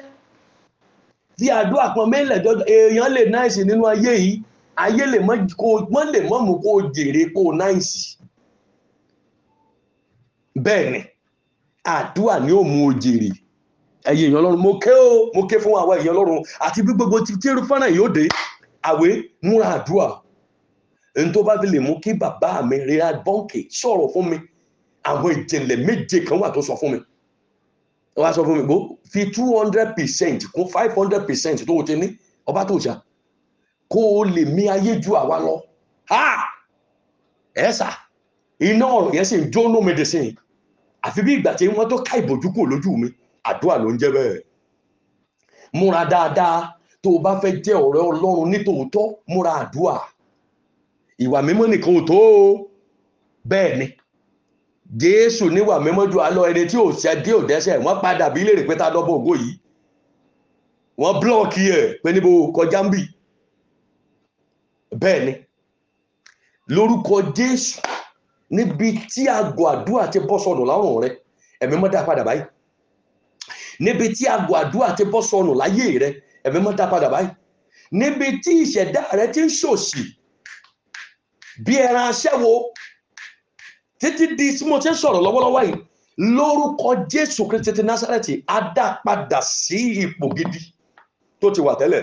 fi àdúrà pọn mi ilẹ̀ dọ́jú èèyàn lè náìsì nínú ayé yìí ayé lè mọ́ kó wọ́n lè mọ́ mú kó o jèrè kó o náìsì bẹ́ẹ̀ ni àdúà ni ó mú o jèrè ẹ̀yin èèyàn ọlọ́run mo ké o mo ké fún àwa èèyàn ọlọ́run àti bí gbogbo ti tí erufana yóò dé àwé múra àdúà n tó bá fi lè mú kí bàbá mi rira bọ́ǹkì sọ̀rọ̀ fún mi àwọn ìjìnlẹ̀ méje kan wà tó sọ fún mi wọ́n á sọ fún mi gbó fi two hundred percent kún five hundred percent tó o ti ní ọba tó ṣá kó o lè mí ayé ju àwa lọ ẹ sà iná ọ̀rọ̀ yẹn sì ń jóná mi dì àfi bí ìgbà tí wọ́n tó ká ìbòjú kúrò lójú mi àdúrà ló ń jẹ́ bẹ́ẹ̀ múra dáadáa tó o bá fẹ́ jẹ́ ọ̀rẹ́ ọlọ́run nítòótọ́ múra àdúrà ìwà mímọ́ nìkan ò tó o bẹ́ẹ̀ ni jésù níwà mímọ́ ju alọ́ ẹni tí ò ṣẹ́ dé ò wọ́n padà bí léèrè pé ta ògo yìí wọ́n blọ́ọ̀kì ẹ̀ pé níbo kọjá ń bì bẹ́ẹ̀ ni lórúkọ jésù níbi tí aago àdúrà ti bọ́ sọnù lọ́rùn rẹ ẹ̀mí mọ́ dá padà báyìí níbi tí aago àdúrà ti bọ́ sọnù láyé rẹ ẹ̀mí mọ́ dá padà báyìí níbi tí ìṣẹ̀dá rẹ ti ń ṣòṣì bí ẹran aṣẹ́wó títí di tí mo ti ń sọ̀rọ̀ lọ́wọ́lọ́wọ́ yìí lórúkọ Jésù Kristi ti Násárẹ́tì á dá padà sí ipò gidi tó ti wà tẹ́lẹ̀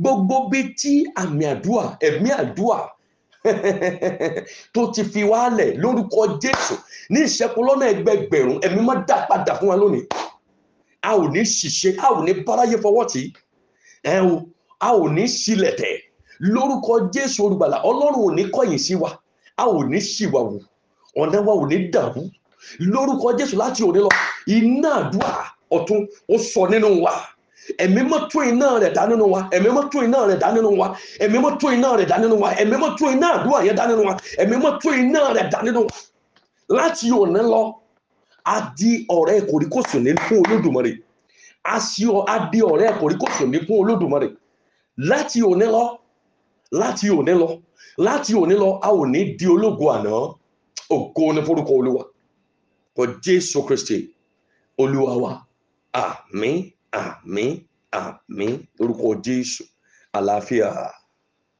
gbogbo bíi tí àmì àdúrà ẹ̀mí àdúrà tó ti fi wálẹ̀ lórúkọ jésù ní ìṣẹ́kù lọ́nà ẹgbẹgbẹ̀rún ẹ̀mí má dá padà fún wa lónìí a ò ní ṣìṣe a ò ní báráyé fọwọ́ tì a ò ní ṣílẹ̀tẹ̀ lórúkọ jésù olùgbàlà ọlọ́run ò ní kọ̀yìn sí wa a ò ní ṣìwàwù ọ̀nà wa ò ní dàrú lórúkọ jésù láti òní lọ iná àdúrà ọ̀tun ó sọ nínú wa ẹ̀mí mọ́ tún iná rẹ̀ dá nínú wa ẹ̀mí mọ́ tún iná rẹ̀ dá nínú wa ẹ̀mí mọ́ tún iná rẹ̀ dá nínú wa ẹ̀mí mọ́ tún iná àdúrà yẹn dá nínú wa ẹ̀mí mọ́ tún iná rẹ̀ dá nínú wa láti òní lọ a di ọ̀rẹ́ kòríkòsùn ní fún Olódùmarè a sì ọ a di ọ̀rẹ́ kòríkòsùn ní fún Olódùmarè láti òní lọ láti òní lọ láti òní lọ a ò ní di ológun àná ògo ní forúkọ Olúwa kọ Jésù Kristi Olúwa wa àmín. Ah, àmín àmín orúkọ jésù àlàáfíà.